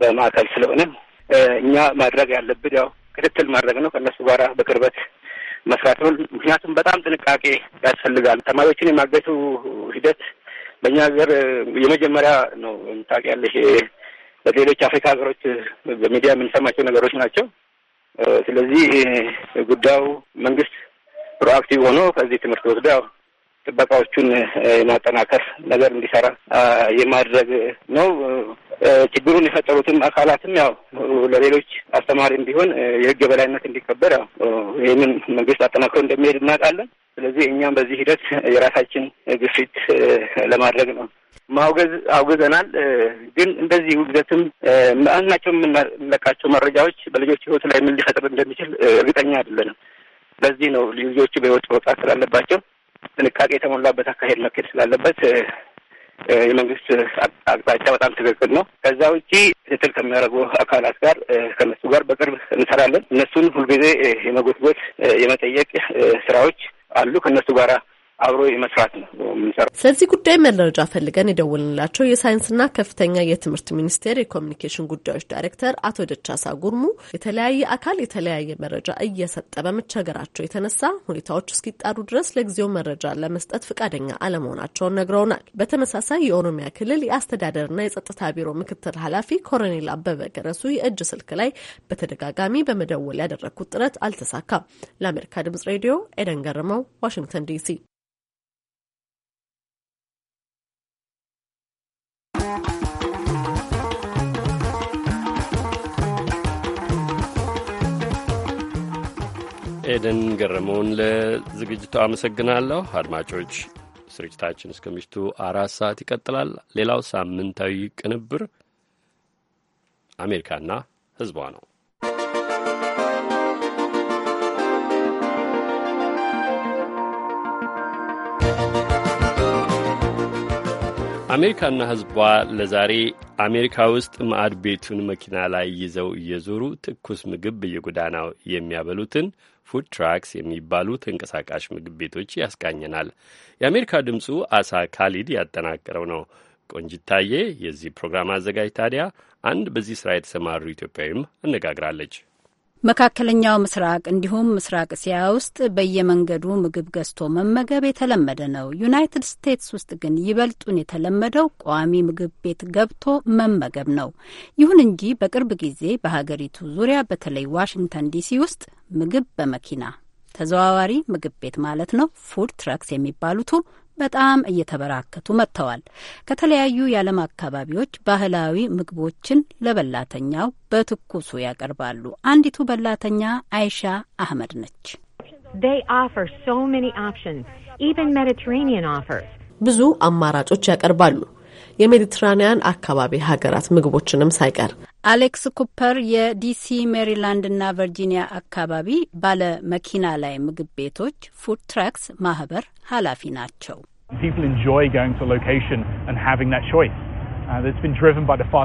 በማዕከል ስለሆነ እኛ ማድረግ ያለብን ያው ክትትል ማድረግ ነው። ከእነሱ ጋር በቅርበት መስራት ነው። ምክንያቱም በጣም ጥንቃቄ ያስፈልጋል። ተማሪዎችን የማገቱ ሂደት በእኛ ሀገር የመጀመሪያ ነው። ታውቂያለሽ፣ በሌሎች አፍሪካ ሀገሮች በሚዲያ የምንሰማቸው ነገሮች ናቸው። ስለዚህ ጉዳዩ መንግስት ፕሮአክቲቭ ሆኖ ከዚህ ትምህርት ወስዶ ያው ጥበቃዎቹን የማጠናከር ነገር እንዲሰራ የማድረግ ነው። ችግሩን የፈጠሩትም አካላትም ያው ለሌሎች አስተማሪም ቢሆን የህግ በላይነት እንዲከበር ያው ይህንን መንግስት አጠናክሮ እንደሚሄድ እናውቃለን። ስለዚህ እኛም በዚህ ሂደት የራሳችን ግፊት ለማድረግ ነው። ማውገዝ አውግዘናል። ግን እንደዚህ ውግዘትም አንዳቸው የምንለቃቸው መረጃዎች በልጆች ህይወት ላይ ምን ሊፈጥር እንደሚችል እርግጠኛ አይደለንም። ለዚህ ነው ልጆቹ በህይወት መውጣት ስላለባቸው ጥንቃቄ የተሞላበት አካሄድ መካሄድ ስላለበት የመንግስት አቅጣጫ በጣም ትክክል ነው። ከዛ ውጪ ትትል ከሚያደርጉ አካላት ጋር ከነሱ ጋር በቅርብ እንሰራለን። እነሱን ሁልጊዜ የመጎትጎት የመጠየቅ ስራዎች አሉ። ከእነሱ ጋራ አብሮ መስራት ነው የምንሰራው። ስለዚህ ጉዳይ መረጃ ፈልገን የደወልንላቸው የሳይንስና ከፍተኛ የትምህርት ሚኒስቴር የኮሚኒኬሽን ጉዳዮች ዳይሬክተር አቶ ደቻሳ ጉርሙ የተለያየ አካል የተለያየ መረጃ እየሰጠ በመቸገራቸው የተነሳ ሁኔታዎች እስኪጣሩ ድረስ ለጊዜው መረጃ ለመስጠት ፈቃደኛ አለመሆናቸውን ነግረውናል። በተመሳሳይ የኦሮሚያ ክልል የአስተዳደርና የጸጥታ ቢሮ ምክትል ኃላፊ ኮሎኔል አበበ ገረሱ የእጅ ስልክ ላይ በተደጋጋሚ በመደወል ያደረግኩት ጥረት አልተሳካም። ለአሜሪካ ድምጽ ሬዲዮ ኤደን ገርመው ዋሽንግተን ዲሲ ኤደን ገረመውን ለዝግጅቱ አመሰግናለሁ። አድማጮች ስርጭታችን እስከ ምሽቱ አራት ሰዓት ይቀጥላል። ሌላው ሳምንታዊ ቅንብር አሜሪካና ሕዝቧ ነው። አሜሪካና ሕዝቧ ለዛሬ አሜሪካ ውስጥ ማዕድ ቤቱን መኪና ላይ ይዘው እየዞሩ ትኩስ ምግብ በየጎዳናው የሚያበሉትን ፉድ ትራክስ የሚባሉ ተንቀሳቃሽ ምግብ ቤቶች ያስቃኘናል። የአሜሪካ ድምፁ አሳ ካሊድ ያጠናቀረው ነው። ቆንጅታዬ የዚህ ፕሮግራም አዘጋጅ ታዲያ አንድ በዚህ ስራ የተሰማሩ ኢትዮጵያዊም አነጋግራለች። መካከለኛው ምስራቅ እንዲሁም ምስራቅ እስያ ውስጥ በየመንገዱ ምግብ ገዝቶ መመገብ የተለመደ ነው። ዩናይትድ ስቴትስ ውስጥ ግን ይበልጡን የተለመደው ቋሚ ምግብ ቤት ገብቶ መመገብ ነው። ይሁን እንጂ በቅርብ ጊዜ በሀገሪቱ ዙሪያ በተለይ ዋሽንግተን ዲሲ ውስጥ ምግብ በመኪና ተዘዋዋሪ ምግብ ቤት ማለት ነው ፉድ ትራክስ የሚባሉቱ በጣም እየተበራከቱ መጥተዋል። ከተለያዩ የዓለም አካባቢዎች ባህላዊ ምግቦችን ለበላተኛው በትኩሱ ያቀርባሉ። አንዲቱ በላተኛ አይሻ አህመድ ነች። ብዙ አማራጮች ያቀርባሉ። የሜዲትራኒያን አካባቢ ሀገራት ምግቦችንም ሳይቀር። አሌክስ ኩፐር የዲሲ ሜሪላንድ ና ቨርጂኒያ አካባቢ ባለ መኪና ላይ ምግብ ቤቶች ፉድ ትራክስ ማህበር ኃላፊ ናቸው። Uh,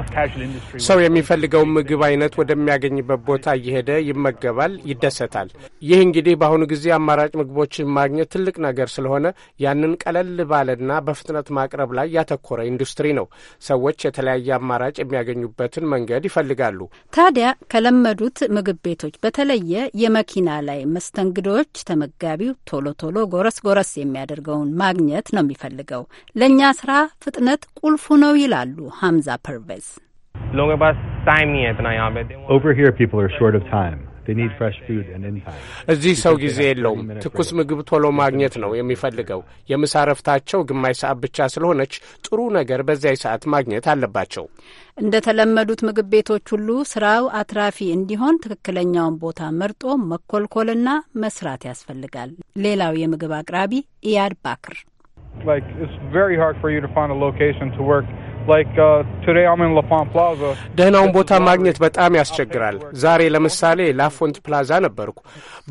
ሰው የሚፈልገው ምግብ አይነት ወደሚያገኝበት ቦታ እየሄደ ይመገባል፣ ይደሰታል። ይህ እንግዲህ በአሁኑ ጊዜ አማራጭ ምግቦችን ማግኘት ትልቅ ነገር ስለሆነ ያንን ቀለል ባለና በፍጥነት ማቅረብ ላይ ያተኮረ ኢንዱስትሪ ነው። ሰዎች የተለያየ አማራጭ የሚያገኙበትን መንገድ ይፈልጋሉ። ታዲያ ከለመዱት ምግብ ቤቶች በተለየ የመኪና ላይ መስተንግዶዎች ተመጋቢው ቶሎ ቶሎ ጎረስ ጎረስ የሚያደርገውን ማግኘት ነው የሚፈልገው። ለእኛ ስራ ፍጥነት ቁልፉ ነው ይላል። ይላሉ ሀምዛ ፐርቬዝ። እዚህ ሰው ጊዜ የለውም። ትኩስ ምግብ ቶሎ ማግኘት ነው የሚፈልገው። የምሳ ረፍታቸው ግማሽ ሰዓት ብቻ ስለሆነች ጥሩ ነገር በዚያ ሰዓት ማግኘት አለባቸው። እንደ ተለመዱት ምግብ ቤቶች ሁሉ ስራው አትራፊ እንዲሆን ትክክለኛውን ቦታ መርጦ መኮልኮልና መስራት ያስፈልጋል። ሌላው የምግብ አቅራቢ ኢያድ ባክር Uh, ደህናውን ቦታ ማግኘት በጣም ያስቸግራል። ዛሬ ለምሳሌ ላፎንት ፕላዛ ነበርኩ።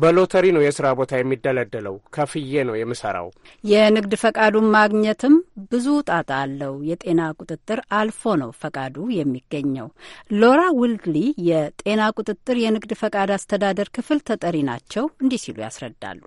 በሎተሪ ነው የስራ ቦታ የሚደለደለው። ከፍዬ ነው የምሰራው። የንግድ ፈቃዱን ማግኘትም ብዙ ጣጣ አለው። የጤና ቁጥጥር አልፎ ነው ፈቃዱ የሚገኘው። ሎራ ዊልድሊ የጤና ቁጥጥር የንግድ ፈቃድ አስተዳደር ክፍል ተጠሪ ናቸው። እንዲህ ሲሉ ያስረዳሉ።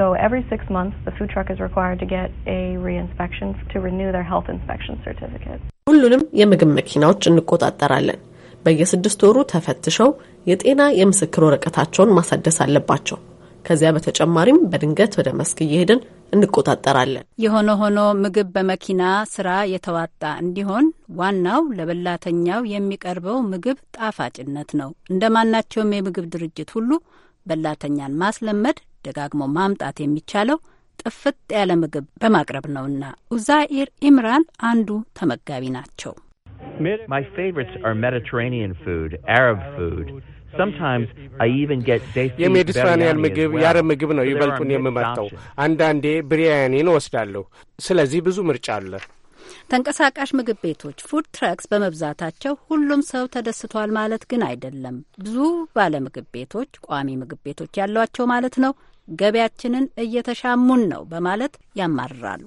So every six months, the food truck is required to get a reinspection to renew their health inspection certificate. ሁሉንም የምግብ መኪናዎች እንቆጣጠራለን። በየስድስት ወሩ ተፈትሸው የጤና የምስክር ወረቀታቸውን ማሳደስ አለባቸው። ከዚያ በተጨማሪም በድንገት ወደ መስክ እየሄድን እንቆጣጠራለን። የሆነ ሆኖ ምግብ በመኪና ስራ የተዋጣ እንዲሆን ዋናው ለበላተኛው የሚቀርበው ምግብ ጣፋጭነት ነው። እንደ ማናቸውም የምግብ ድርጅት ሁሉ በላተኛን ማስለመድ ደጋግሞ ማምጣት የሚቻለው ጥፍጥ ያለ ምግብ በማቅረብ ነውና። ኡዛኢር ኢምራን አንዱ ተመጋቢ ናቸው። የሜዲትራኒያን ምግብ የአረብ ምግብ ነው ይበልጡን የምመርጠው። አንዳንዴ ብሪያኒን እወስዳለሁ። ስለዚህ ብዙ ምርጫ አለ። ተንቀሳቃሽ ምግብ ቤቶች ፉድ ትራክስ በመብዛታቸው ሁሉም ሰው ተደስቷል ማለት ግን አይደለም። ብዙ ባለ ምግብ ቤቶች ቋሚ ምግብ ቤቶች ያሏቸው ማለት ነው ገቢያችንን እየተሻሙን ነው በማለት ያማርራሉ።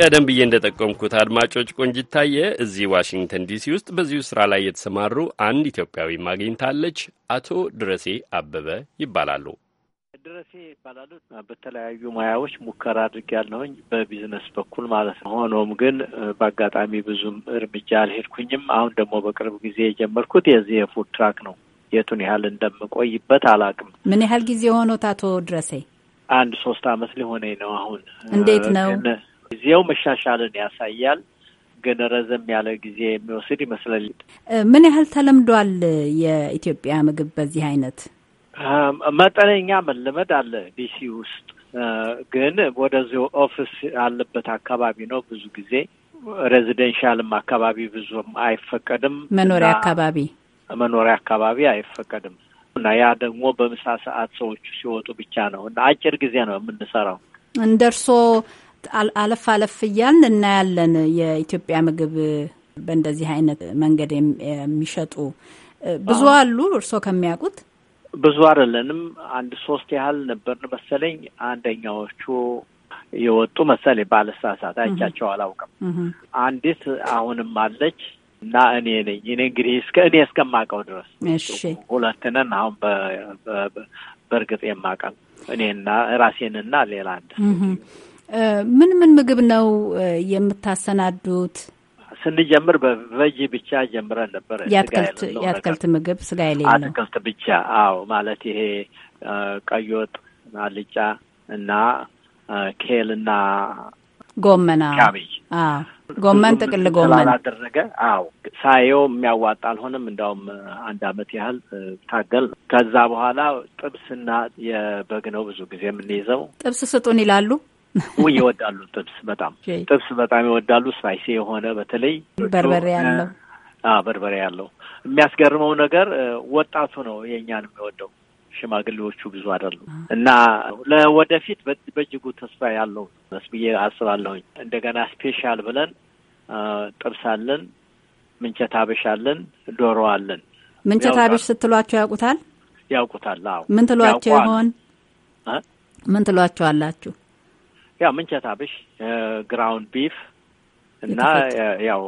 ቀደም ብዬ እንደጠቆምኩት አድማጮች ቆንጅታየ እዚህ ዋሽንግተን ዲሲ ውስጥ በዚሁ ስራ ላይ የተሰማሩ አንድ ኢትዮጵያዊ ማግኝታለች። አቶ ድረሴ አበበ ይባላሉ። ደረሴ ይባላሉት በተለያዩ ሙያዎች ሙከራ አድርግ ያለሁኝ በቢዝነስ በኩል ማለት ነው። ሆኖም ግን በአጋጣሚ ብዙም እርምጃ አልሄድኩኝም። አሁን ደግሞ በቅርብ ጊዜ የጀመርኩት የዚህ የፉድ ትራክ ነው። የቱን ያህል እንደምቆይበት አላውቅም። ምን ያህል ጊዜ ሆኖት አቶ ድረሴ? አንድ ሶስት አመት ሊሆነኝ ነው። አሁን እንዴት ነው ጊዜው? መሻሻልን ያሳያል ግን ረዘም ያለ ጊዜ የሚወስድ ይመስላል። ምን ያህል ተለምዷል የኢትዮጵያ ምግብ በዚህ አይነት Um, መጠነኛ መለመድ አለ ቢሲ ውስጥ uh, ግን ወደዚህ ኦፊስ ያለበት አካባቢ ነው ብዙ ጊዜ ሬዚደንሻልም አካባቢ ብዙም አይፈቀድም። መኖሪያ አካባቢ መኖሪያ አካባቢ አይፈቀድም እና ያ ደግሞ በምሳ ሰዓት ሰዎቹ ሲወጡ ብቻ ነው እና አጭር ጊዜ ነው የምንሰራው። እንደ እርሶ አለፍ አለፍ እያልን እናያለን የኢትዮጵያ ምግብ በእንደዚህ አይነት መንገድ የሚሸጡ ብዙ አሉ እርሶ ከሚያውቁት ብዙ አይደለንም። አንድ ሶስት ያህል ነበርን መሰለኝ። አንደኛዎቹ የወጡ መሰለኝ ባለሳሳት አይቻቸው አላውቅም። አንዲት አሁንም አለች እና እኔ ነኝ እኔ እንግዲህ እስከ እኔ እስከማውቀው ድረስ ሁለት አሁን በእርግጥ የማውቀው እኔና ራሴንና ሌላ አንድ ምን ምን ምግብ ነው የምታሰናዱት? ስንጀምር በበይ ብቻ ጀምረን ነበር። የአትክልት ምግብ ስጋ የሌለው አትክልት ብቻ። አዎ ማለት ይሄ ቀይ ወጥ፣ አልጫ እና ኬል ኬልና ጎመና ካቤጅ ጎመን ጥቅል ጎመን አደረገ። አዎ ሳየው የሚያዋጣ አልሆንም። እንዲያውም አንድ አመት ያህል ታገል ከዛ በኋላ ጥብስና የበግ ነው ብዙ ጊዜ የምንይዘው። ጥብስ ስጡን ይላሉ ወይ ይወዳሉ። ጥብስ በጣም ጥብስ በጣም ይወዳሉ። ስፓይሲ የሆነ በተለይ በርበሬ ያለው በርበሬ ያለው የሚያስገርመው ነገር ወጣቱ ነው የእኛን የሚወደው ሽማግሌዎቹ ብዙ አይደሉም እና ለወደፊት በእጅጉ ተስፋ ያለው መስብዬ አስባለሁኝ። እንደገና ስፔሻል ብለን ጥብስ አለን፣ ምንቸት አብሽ አለን፣ ዶሮ አለን። ምንቸት አብሽ ስትሏቸው ያውቁታል ያውቁታል። ምን ትሏቸው ይሆን? ምን ትሏቸው አላችሁ? ያው ምንቸት አብሽ ግራውንድ ቢፍ እና ያው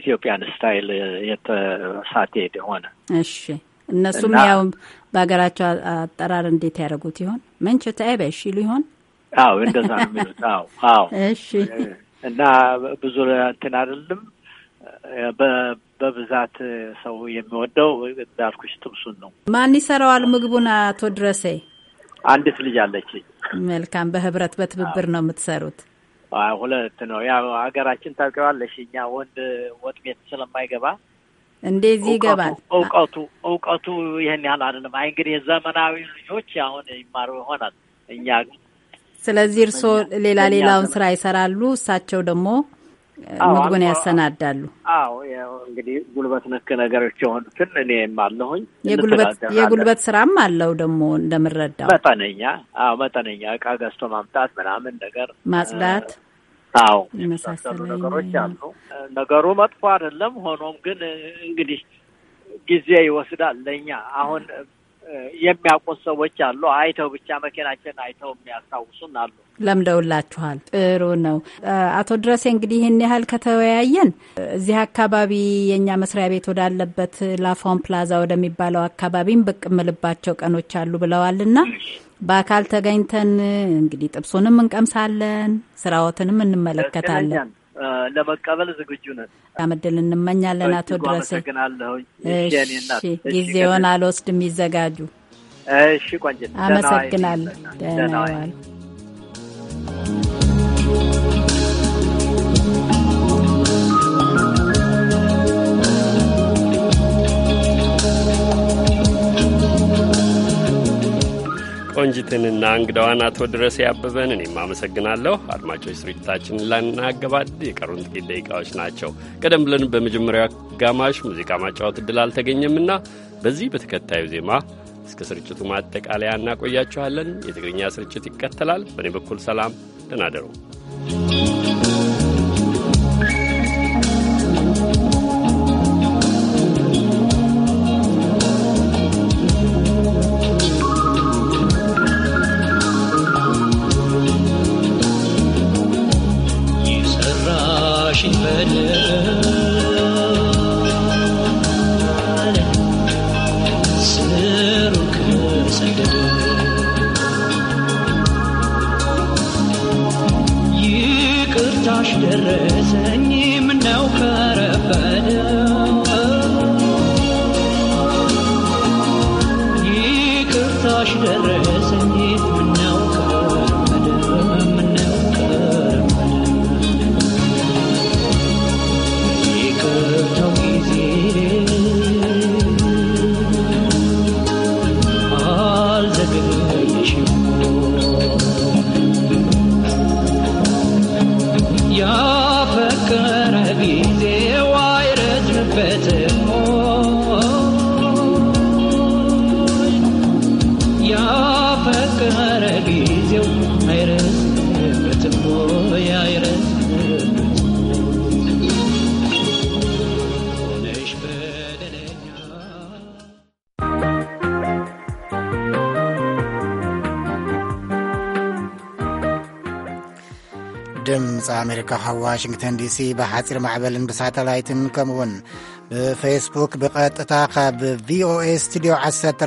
ኢትዮጵያን ስታይል የተሳቴድ ሆነ። እሺ እነሱም ያው በሀገራቸው አጠራር እንዴት ያደረጉት ይሆን? ምንቸት አብሽ ይሉ ይሆን? አዎ እንደዛ ነው የሚሉት። አዎ አዎ። እሺ እና ብዙ እንትን አይደለም በብዛት ሰው የሚወደው እንዳልኩሽ ጥብሱን ነው። ማን ይሰራዋል ምግቡን? አቶ ድረሴ አንዲት ልጅ አለችኝ መልካም። በህብረት በትብብር ነው የምትሰሩት? ሁለት ነው። ያው ሀገራችን ታውቂዋለሽ፣ እኛ ወንድ ወጥ ቤት ስለማይገባ እንደዚህ ይገባል። እውቀቱ እውቀቱ ይህን ያህል አይደለም። አይ እንግዲህ የዘመናዊ ልጆች አሁን ይማሩ ይሆናል። እኛ ስለዚህ እርስዎ ሌላ ሌላውን ስራ ይሰራሉ፣ እሳቸው ደግሞ ምግቡን ያሰናዳሉ። አዎ እንግዲህ ጉልበት ነክ ነገሮች የሆኑትን እኔም አለሁኝ። የጉልበት ስራም አለው ደግሞ እንደምረዳው መጠነኛ አዎ መጠነኛ እቃ ገዝቶ ማምጣት ምናምን ነገር ማጽዳት አዎ የመሳሰሉ ነገሮች አሉ። ነገሩ መጥፎ አይደለም። ሆኖም ግን እንግዲህ ጊዜ ይወስዳል። ለእኛ አሁን የሚያውቁት ሰዎች አሉ። አይተው ብቻ መኪናችን አይተው የሚያስታውሱን አሉ። ለምደውላችኋል። ጥሩ ነው። አቶ ድረሴ እንግዲህ ይህን ያህል ከተወያየን እዚህ አካባቢ የእኛ መስሪያ ቤት ወዳለበት ላፎን ፕላዛ ወደሚባለው አካባቢም ብቅ ምልባቸው ቀኖች አሉ ብለዋልና በአካል ተገኝተን እንግዲህ ጥብሱንም እንቀምሳለን፣ ስራዎትንም እንመለከታለን። ለመቀበል ዝግጁ ነን። ምድል እንመኛለን። አቶ ድረሴ ጊዜውን አልወስድም፣ ይዘጋጁ። እሺ፣ አመሰግናለሁ። ደህና ዋል ቆንጅትንና እንግዳዋን አቶ ድረስ ያበበን እኔም አመሰግናለሁ። አድማጮች ስርጭታችን ላናገባድ የቀሩን ጥቂት ደቂቃዎች ናቸው። ቀደም ብለን በመጀመሪያው አጋማሽ ሙዚቃ ማጫወት እድል አልተገኘምና በዚህ በተከታዩ ዜማ እስከ ስርጭቱ ማጠቃለያ እናቆያችኋለን። የትግርኛ ስርጭት ይከተላል። በእኔ በኩል ሰላም፣ ደህና እደሩ። ኣሜሪካ ካብ ዋሽንግተን ዲሲ ብሓፂር ማዕበልን ብሳተላይትን ከምኡውን ብፌስቡክ ብቐጥታ ካብ ቪኦኤ ስትድዮ 1